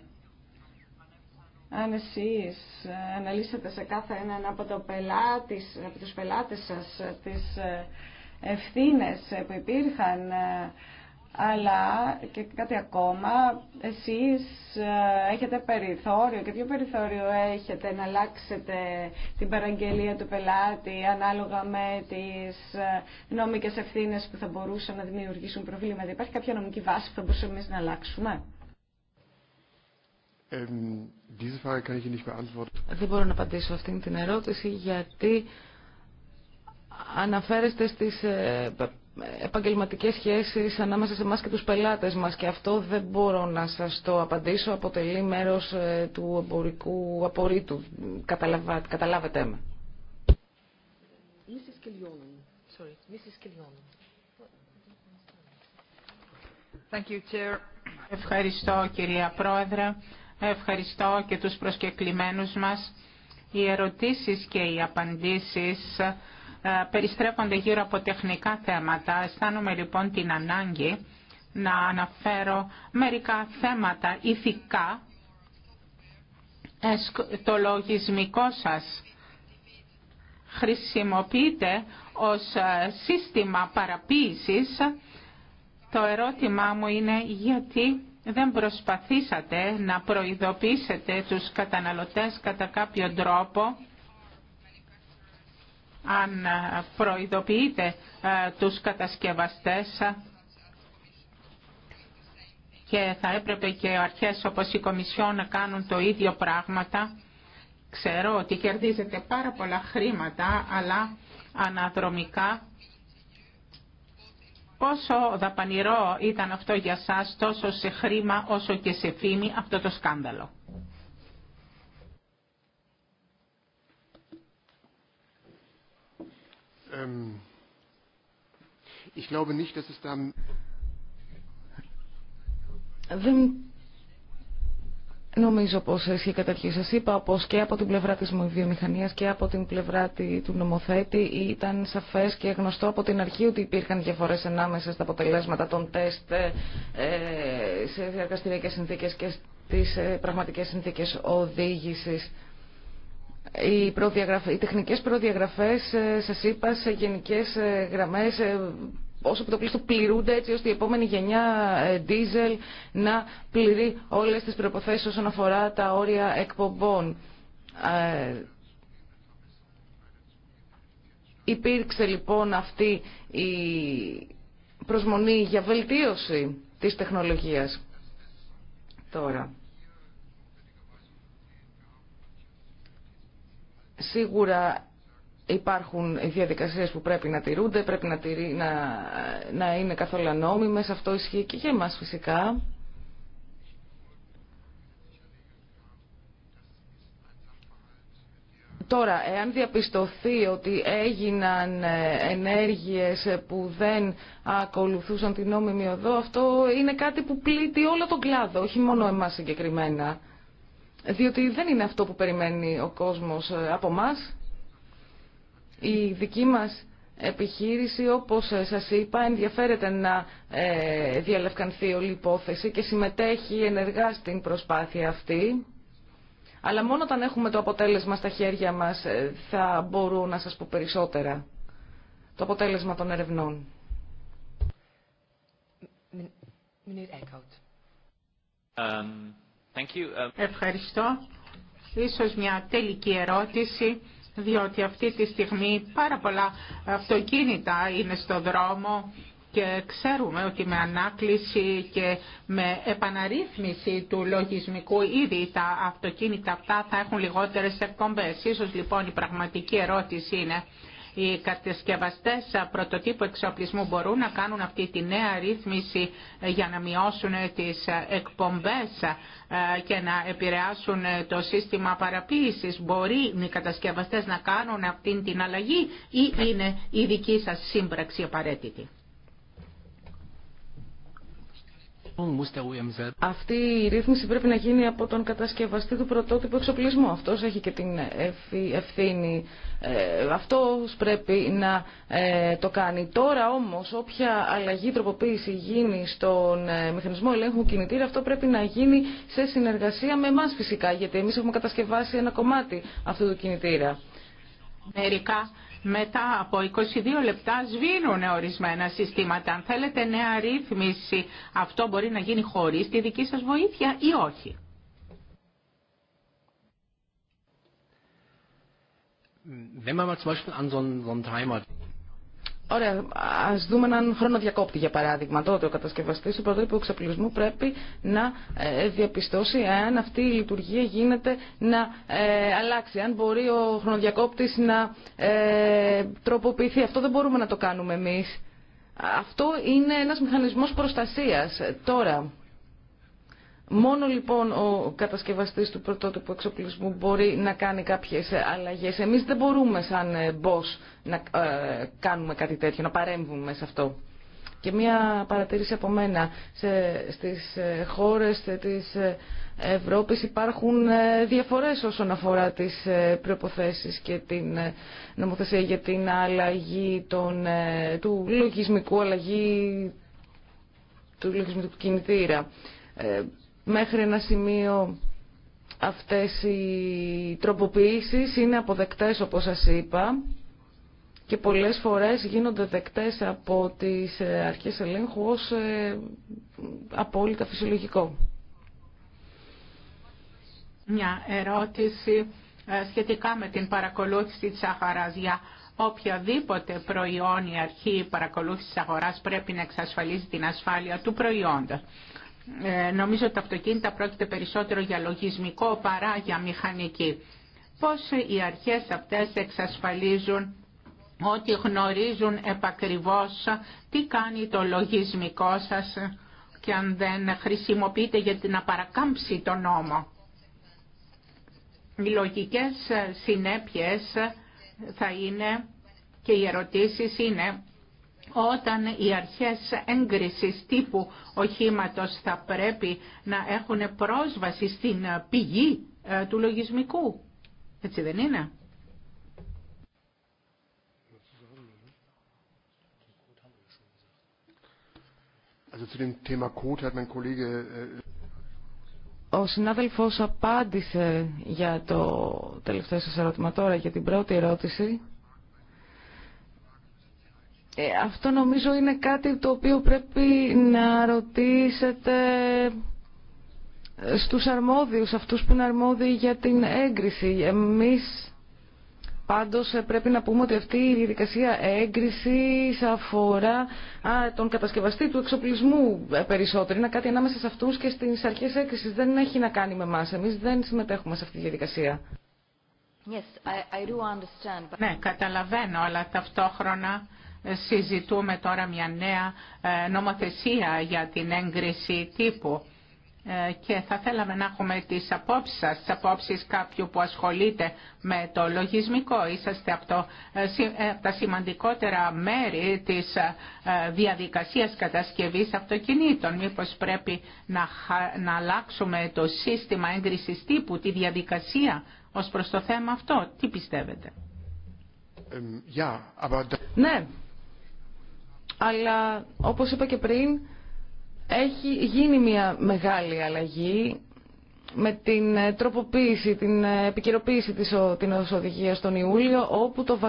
αν εσείς ε, αναλύσετε σε κάθε έναν από, το πελάτης, από τους πελάτες σας ε, τις ε, ευθύνες που υπήρχαν, αλλά και κάτι ακόμα, εσείς έχετε περιθώριο και ποιο περιθώριο έχετε να αλλάξετε την παραγγελία του πελάτη ανάλογα με τις νομικές ευθύνες που θα μπορούσαν να δημιουργήσουν προβλήματα. Υπάρχει κάποια νομική βάση που θα μπορούσαμε να αλλάξουμε. Ähm, δεν μπορώ να απαντήσω αυτήν την ερώτηση γιατί αναφέρεστε στις ε, επαγγελματικές σχέσεις ανάμεσα σε εμάς και τους πελάτες μας και αυτό δεν μπορώ να σας το απαντήσω, αποτελεί μέρος ε, του εμπορικού απορρίτου. Καταλάβετε με. Ευχαριστώ κυρία Πρόεδρε. Ευχαριστώ και τους προσκεκλημένους μας. Οι ερωτήσεις και οι απαντήσεις ε, περιστρέφονται γύρω από τεχνικά θέματα. Αισθάνομαι λοιπόν την ανάγκη να αναφέρω μερικά θέματα ηθικά. Το λογισμικό σας χρησιμοποιείτε ως ε, σύστημα παραποίησης. Το ερώτημά μου είναι γιατί δεν προσπαθήσατε να προειδοποιήσετε τους καταναλωτές κατά κάποιο τρόπο αν προειδοποιείτε ε, τους κατασκευαστές και θα έπρεπε και αρχές όπως η Κομισιόν να κάνουν το ίδιο πράγματα. Ξέρω ότι κερδίζετε πάρα πολλά χρήματα, αλλά αναδρομικά πόσο δαπανηρό ήταν αυτό για σας τόσο σε χρήμα όσο και σε φήμη αυτό το σκάνδαλο. ich glaube nicht, dass es dann... Δεν Νομίζω πω ισχύει κατά σας είπα, πως και από την πλευρά της βιομηχανία και από την πλευρά του νομοθέτη ήταν σαφές και γνωστό από την αρχή ότι υπήρχαν διαφορέ ανάμεσα στα αποτελέσματα των τεστ ε, σε εργαστηριακέ συνθήκε και στις ε, πραγματικέ συνθήκε οδήγηση. Οι, προδιαγραφ... οι τεχνικές προδιαγραφές, ε, σας είπα, σε γενικές γραμμές όσο που το πλήστο πληρούνται έτσι ώστε η επόμενη γενιά δίζελ να πληρεί όλες τις προϋποθέσεις όσον αφορά τα όρια εκπομπών. Ε, υπήρξε λοιπόν αυτή η προσμονή για βελτίωση της τεχνολογίας τώρα. Σίγουρα υπάρχουν οι διαδικασίες που πρέπει να τηρούνται, πρέπει να, τηρεί, να, είναι καθόλου νόμιμες. Αυτό ισχύει και για εμάς φυσικά. Τώρα, εάν διαπιστωθεί ότι έγιναν ενέργειες που δεν ακολουθούσαν την νόμιμη οδό, αυτό είναι κάτι που πλήττει όλο τον κλάδο, όχι μόνο εμάς συγκεκριμένα. Διότι δεν είναι αυτό που περιμένει ο κόσμος από μας. Η δική μας επιχείρηση, όπως ε, σας είπα, ενδιαφέρεται να ε, διαλευκανθεί όλη η υπόθεση και συμμετέχει ενεργά στην προσπάθεια αυτή. Αλλά μόνο όταν έχουμε το αποτέλεσμα στα χέρια μας ε, θα μπορώ να σας πω περισσότερα. Το αποτέλεσμα των ερευνών. Um, um, Ευχαριστώ. Ίσως μια τελική ερώτηση διότι αυτή τη στιγμή πάρα πολλά αυτοκίνητα είναι στο δρόμο και ξέρουμε ότι με ανάκληση και με επαναρρύθμιση του λογισμικού ήδη τα αυτοκίνητα αυτά θα έχουν λιγότερες εκπομπές. Ίσως λοιπόν η πραγματική ερώτηση είναι οι κατασκευαστές πρωτοτύπου εξοπλισμού μπορούν να κάνουν αυτή τη νέα ρύθμιση ε, για να μειώσουν ε, τις ε, εκπομπές και να επηρεάσουν το σύστημα παραποίησης. Μπορεί οι κατασκευαστές να κάνουν αυτή την αλλαγή ή είναι η δική σας σύμπραξη απαραίτητη. Αυτή η ρύθμιση πρέπει να γίνει από τον κατασκευαστή του πρωτότυπου εξοπλισμού. Αυτός έχει και την ευθύνη. Ε, αυτός πρέπει να ε, το κάνει. Τώρα όμως όποια αλλαγή τροποποίηση γίνει στον ε, μηχανισμό ελέγχου κινητήρα αυτό πρέπει να γίνει σε συνεργασία με εμάς φυσικά γιατί εμείς έχουμε κατασκευάσει ένα κομμάτι αυτού του κινητήρα μετά από 22 λεπτά σβήνουν ορισμένα συστήματα. Αν θέλετε νέα ρύθμιση, αυτό μπορεί να γίνει χωρίς τη δική σας βοήθεια ή όχι. Wenn man mal zum Beispiel an so Ωραία, α δούμε έναν χρόνο διακόπτη για παράδειγμα. Τότε ο κατασκευαστή του πρωτότυπου εξοπλισμού πρέπει να ε, διαπιστώσει αν αυτή η λειτουργία γίνεται να ε, αλλάξει. Αν μπορεί ο χρονοδιακόπτη να ε, τροποποιηθεί. Αυτό δεν μπορούμε να το κάνουμε εμεί. Αυτό είναι ένα μηχανισμός προστασίας. Τώρα, Μόνο λοιπόν ο κατασκευαστής του πρωτότυπου εξοπλισμού μπορεί να κάνει κάποιες αλλαγές. Εμείς δεν μπορούμε σαν ε, boss να ε, κάνουμε κάτι τέτοιο, να παρέμβουμε σε αυτό. Και μία παρατήρηση από μένα. Σε, στις ε, χώρες της Ευρώπης υπάρχουν διαφορές όσον αφορά τις προϋποθέσεις και την νομοθεσία για την αλλαγή των, του λογισμικού, αλλαγή του λογισμικού κινητήρα μέχρι ένα σημείο αυτές οι τροποποιήσεις είναι αποδεκτές όπως σας είπα και πολλές φορές γίνονται δεκτές από τις ε, αρχές ελέγχου ως ε, απόλυτα φυσιολογικό. Μια ερώτηση ε, σχετικά με την παρακολούθηση της αγοράς για οποιαδήποτε προϊόν η αρχή παρακολούθησης της αγοράς πρέπει να εξασφαλίζει την ασφάλεια του προϊόντα. Ε, νομίζω ότι τα αυτοκίνητα πρόκειται περισσότερο για λογισμικό παρά για μηχανική. Πώς οι αρχές αυτές εξασφαλίζουν ότι γνωρίζουν επακριβώς τι κάνει το λογισμικό σας και αν δεν χρησιμοποιείτε για να παρακάμψει τον νόμο. Οι λογικές συνέπειες θα είναι και οι ερωτήσεις είναι όταν οι αρχές έγκρισης τύπου οχήματος θα πρέπει να έχουν πρόσβαση στην πηγή ε, του λογισμικού. Έτσι δεν είναι. Ο συνάδελφος απάντησε για το τελευταίο σας ερώτημα τώρα, για την πρώτη ερώτηση. Ε, αυτό νομίζω είναι κάτι το οποίο πρέπει να ρωτήσετε στους αρμόδιους, αυτούς που είναι αρμόδιοι για την έγκριση. Εμείς πάντως πρέπει να πούμε ότι αυτή η διαδικασία έγκρισης αφορά α, τον κατασκευαστή του εξοπλισμού ε, περισσότερο. Είναι κάτι ανάμεσα σε αυτούς και στις αρχές έγκρισης. Δεν έχει να κάνει με εμάς. Εμείς δεν συμμετέχουμε σε αυτή τη διαδικασία. Yes, I, do Ναι, καταλαβαίνω, αλλά ταυτόχρονα συζητούμε τώρα μια νέα ε, νομοθεσία για την έγκριση τύπου ε, και θα θέλαμε να έχουμε τις απόψεις σας, τις απόψεις κάποιου που ασχολείται με το λογισμικό. Είσαστε από, ε, τα σημαντικότερα μέρη της διαδικασίας κατασκευής αυτοκινήτων. Μήπως πρέπει να, να αλλάξουμε το σύστημα έγκρισης τύπου, τη διαδικασία ως προς το θέμα αυτό. Τι πιστεύετε. Ναι, αλλά όπως είπα και πριν, έχει γίνει μια μεγάλη αλλαγή με την ε, τροποποίηση, την ε, επικαιροποίηση της, της οδηγίας τον Ιούλιο, όπου το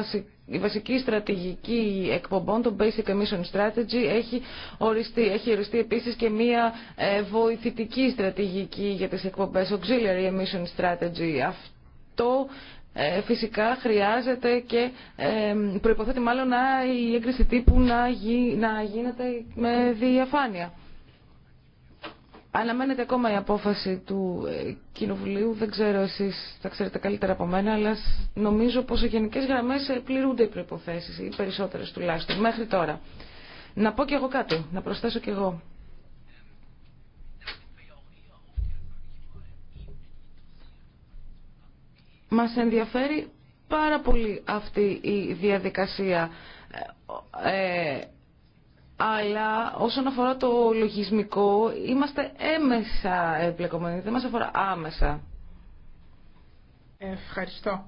η βασική στρατηγική εκπομπών, το Basic Emission Strategy, έχει οριστεί. Έχει οριστεί επίσης και μία ε, βοηθητική στρατηγική για τις εκπομπές, Auxiliary Emission Strategy. Αυτό ε, φυσικά χρειάζεται και ε, προϋποθέτει μάλλον να η έγκριση τύπου να, να γίνεται με διαφάνεια. Αναμένεται ακόμα η απόφαση του ε, Κοινοβουλίου, δεν ξέρω εσείς θα ξέρετε καλύτερα από μένα, αλλά νομίζω πως σε γενικές γραμμές πληρούνται οι προϋποθέσεις, οι περισσότερες τουλάχιστον, μέχρι τώρα. Να πω κι εγώ κάτι, να προσθέσω κι εγώ. Μας ενδιαφέρει πάρα πολύ αυτή η διαδικασία. Ε, ε, αλλά όσον αφορά το λογισμικό, είμαστε έμεσα εμπλεκομένοι, δεν μας αφορά άμεσα. Ευχαριστώ.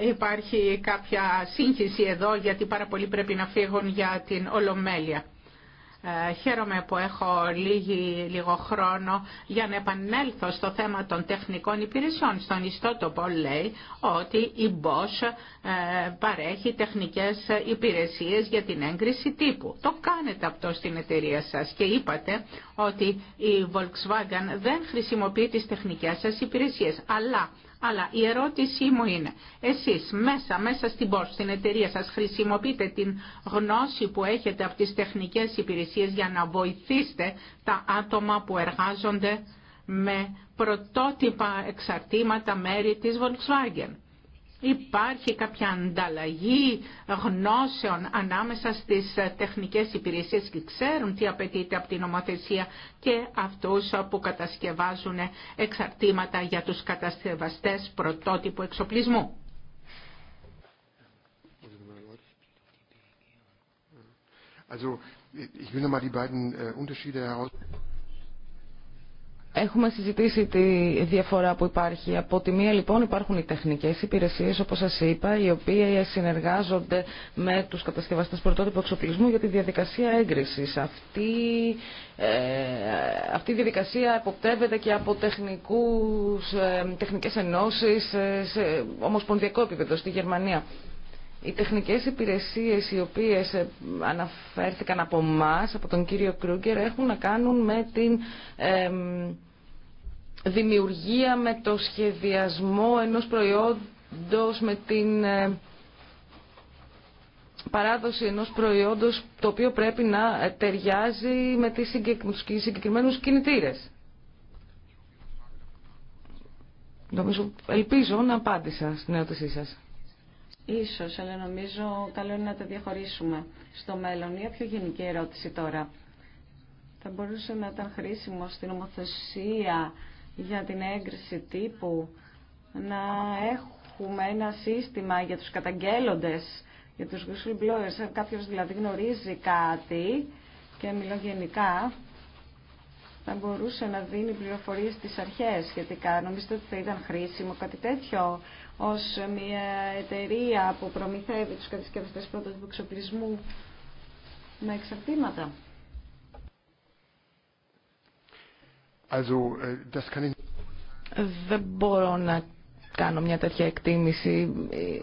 Ε, υπάρχει κάποια σύγχυση εδώ, γιατί πάρα πολλοί πρέπει να φύγουν για την Ολομέλεια. Ε, χαίρομαι που έχω λίγη, λίγο χρόνο για να επανέλθω στο θέμα των τεχνικών υπηρεσιών. Στον ιστότοπο λέει ότι η Bosch ε, παρέχει τεχνικές υπηρεσίες για την έγκριση τύπου. Το κάνετε αυτό στην εταιρεία σας και είπατε ότι η Volkswagen δεν χρησιμοποιεί τις τεχνικές σας υπηρεσίες, αλλά αλλά η ερώτησή μου είναι, εσείς μέσα, μέσα στην Bosch, στην εταιρεία σας, χρησιμοποιείτε την γνώση που έχετε από τις τεχνικές υπηρεσίες για να βοηθήσετε τα άτομα που εργάζονται με πρωτότυπα εξαρτήματα μέρη της Volkswagen υπάρχει κάποια ανταλλαγή γνώσεων ανάμεσα στις ε, τεχνικές υπηρεσίες και ξέρουν τι απαιτείται από την νομοθεσία και αυτούς που κατασκευάζουν εξαρτήματα για τους κατασκευαστές πρωτότυπου εξοπλισμού. Also, ich will nochmal die äh, Έχουμε συζητήσει τη διαφορά που υπάρχει. Από τη μία λοιπόν υπάρχουν οι τεχνικές υπηρεσίες όπως σας είπα οι οποίες συνεργάζονται με τους κατασκευαστές πρωτότυπου εξοπλισμού για τη διαδικασία έγκρισης. Αυτή, ε, αυτή η διαδικασία εποπτεύεται και από τεχνικούς, ε, τεχνικές ενώσεις ε, σε ομοσπονδιακό επίπεδο στη Γερμανία. Οι τεχνικές υπηρεσίες οι οποίες ε, αναφέρθηκαν από εμά, από τον κύριο Κρούγκερ, έχουν να κάνουν με την δημιουργία, με το σχεδιασμό ενός προϊόντος, με την ε, παράδοση ενός προϊόντος το οποίο πρέπει να ε, ταιριάζει με τις συγκεκριμένους κινητήρες. Νομίζω, ελπίζω να απάντησα στην ερώτησή σας. Ίσως, αλλά νομίζω καλό είναι να τα διαχωρίσουμε στο μέλλον. Μια πιο γενική ερώτηση τώρα. Θα μπορούσε να ήταν χρήσιμο στην ομοθεσία για την έγκριση τύπου να έχουμε ένα σύστημα για τους καταγγέλλοντες, για τους whistleblowers. Αν κάποιος δηλαδή γνωρίζει κάτι και μιλώ γενικά, θα μπορούσε να δίνει πληροφορίες στις αρχές σχετικά. Νομίζετε ότι θα ήταν χρήσιμο κάτι τέτοιο ως μια εταιρεία που προμηθεύει τους κατασκευαστές πρώτα του εξοπλισμού με εξαρτήματα. Äh, Δεν μπορώ να κάνω μια τέτοια εκτίμηση. Ε,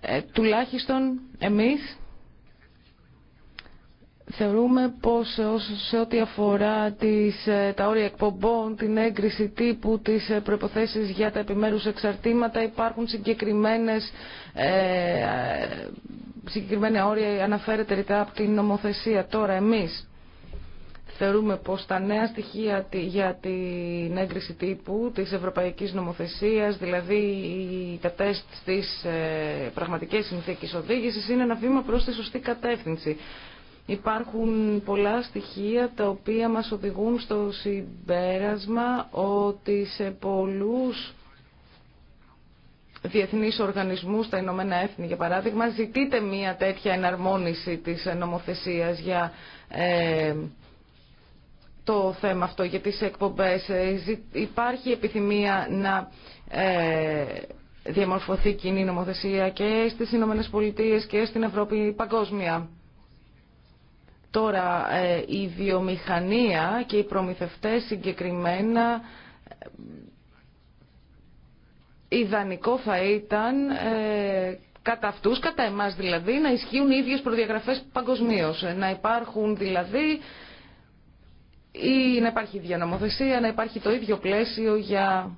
ε, τουλάχιστον εμείς Θεωρούμε πως σε ό,τι αφορά τις, ε, τα όρια εκπομπών, την έγκριση τύπου, τις ε, προϋποθέσεις για τα επιμέρους εξαρτήματα υπάρχουν συγκεκριμένες, ε, ε, συγκεκριμένα όρια αναφέρεται ρητά από την νομοθεσία. Τώρα εμείς θεωρούμε πως τα νέα στοιχεία για την έγκριση τύπου της ευρωπαϊκής νομοθεσίας, δηλαδή τα τεστ στις πραγματικές συνθήκες οδήγησης, είναι ένα βήμα προς τη σωστή κατεύθυνση. Υπάρχουν πολλά στοιχεία τα οποία μας οδηγούν στο συμπέρασμα ότι σε πολλούς διεθνείς οργανισμούς, τα Ηνωμένα Έθνη για παράδειγμα, ζητείται μια τέτοια εναρμόνιση της νομοθεσίας για ε, το θέμα αυτό, για τις εκπομπές. Ε, υπάρχει επιθυμία να ε, διαμορφωθεί κοινή νομοθεσία και στις Ηνωμένες Πολιτείες και στην Ευρώπη παγκόσμια. Τώρα, ε, η βιομηχανία και οι προμηθευτές συγκεκριμένα ε, ιδανικό θα ήταν ε, κατά αυτούς, κατά εμάς δηλαδή, να ισχύουν οι ίδιες προδιαγραφές παγκοσμίω. Ε, να υπάρχουν δηλαδή, ή να υπάρχει διανομοθεσία να υπάρχει το ίδιο πλαίσιο για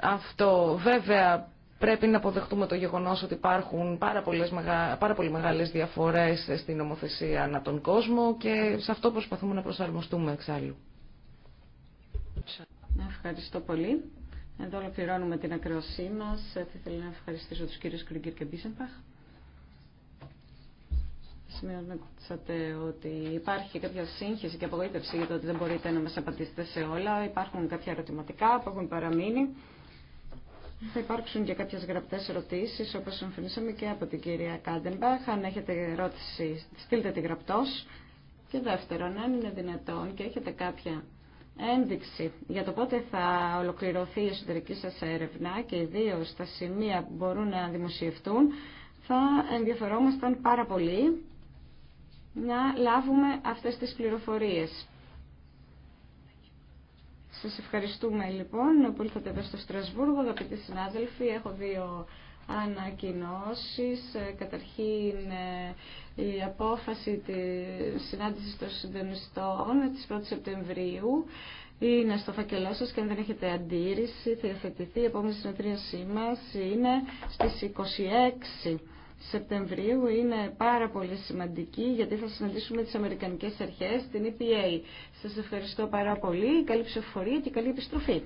αυτό. Βέβαια, πρέπει να αποδεχτούμε το γεγονός ότι υπάρχουν πάρα, πολλές, πάρα πολύ μεγάλες διαφορές στην νομοθεσία ανά τον κόσμο και σε αυτό προσπαθούμε να προσαρμοστούμε εξάλλου. Ευχαριστώ πολύ. Εδώ ολοκληρώνουμε την ακρόασή μα. Θα ήθελα να ευχαριστήσω του κύριου Κρυγκίρ και Μπίσενπαχ. Σημειώσατε ότι υπάρχει κάποια σύγχυση και απογοήτευση για το ότι δεν μπορείτε να μα απαντήσετε σε όλα. Υπάρχουν κάποια ερωτηματικά που έχουν παραμείνει. Θα υπάρξουν και κάποιες γραπτές ερωτήσεις, όπως συμφωνήσαμε και από την κυρία Κάντεμπαχ. Αν έχετε ερώτηση, στείλτε τη γραπτός. Και δεύτερον, αν είναι δυνατόν και έχετε κάποια ένδειξη για το πότε θα ολοκληρωθεί η εσωτερική σας έρευνα και ιδίω τα σημεία που μπορούν να δημοσιευτούν, θα ενδιαφερόμασταν πάρα πολύ να λάβουμε αυτές τις πληροφορίες. Σας ευχαριστούμε λοιπόν που ήρθατε εδώ στο Στρασβούργο, αγαπητοί συνάδελφοι. Έχω δύο ανακοινώσεις. Ε, καταρχήν ε, η απόφαση της συνάντησης των συντονιστών της 1 Σεπτεμβρίου είναι στο φακελό σας και αν δεν έχετε αντίρρηση θα υιοθετηθεί. Η επόμενη συνεδρίασή μας είναι στις 26 Σεπτεμβρίου είναι πάρα πολύ σημαντική γιατί θα συναντήσουμε τις Αμερικανικές Αρχές, την EPA. Σας ευχαριστώ πάρα πολύ, καλή ψηφοφορία και καλή επιστροφή.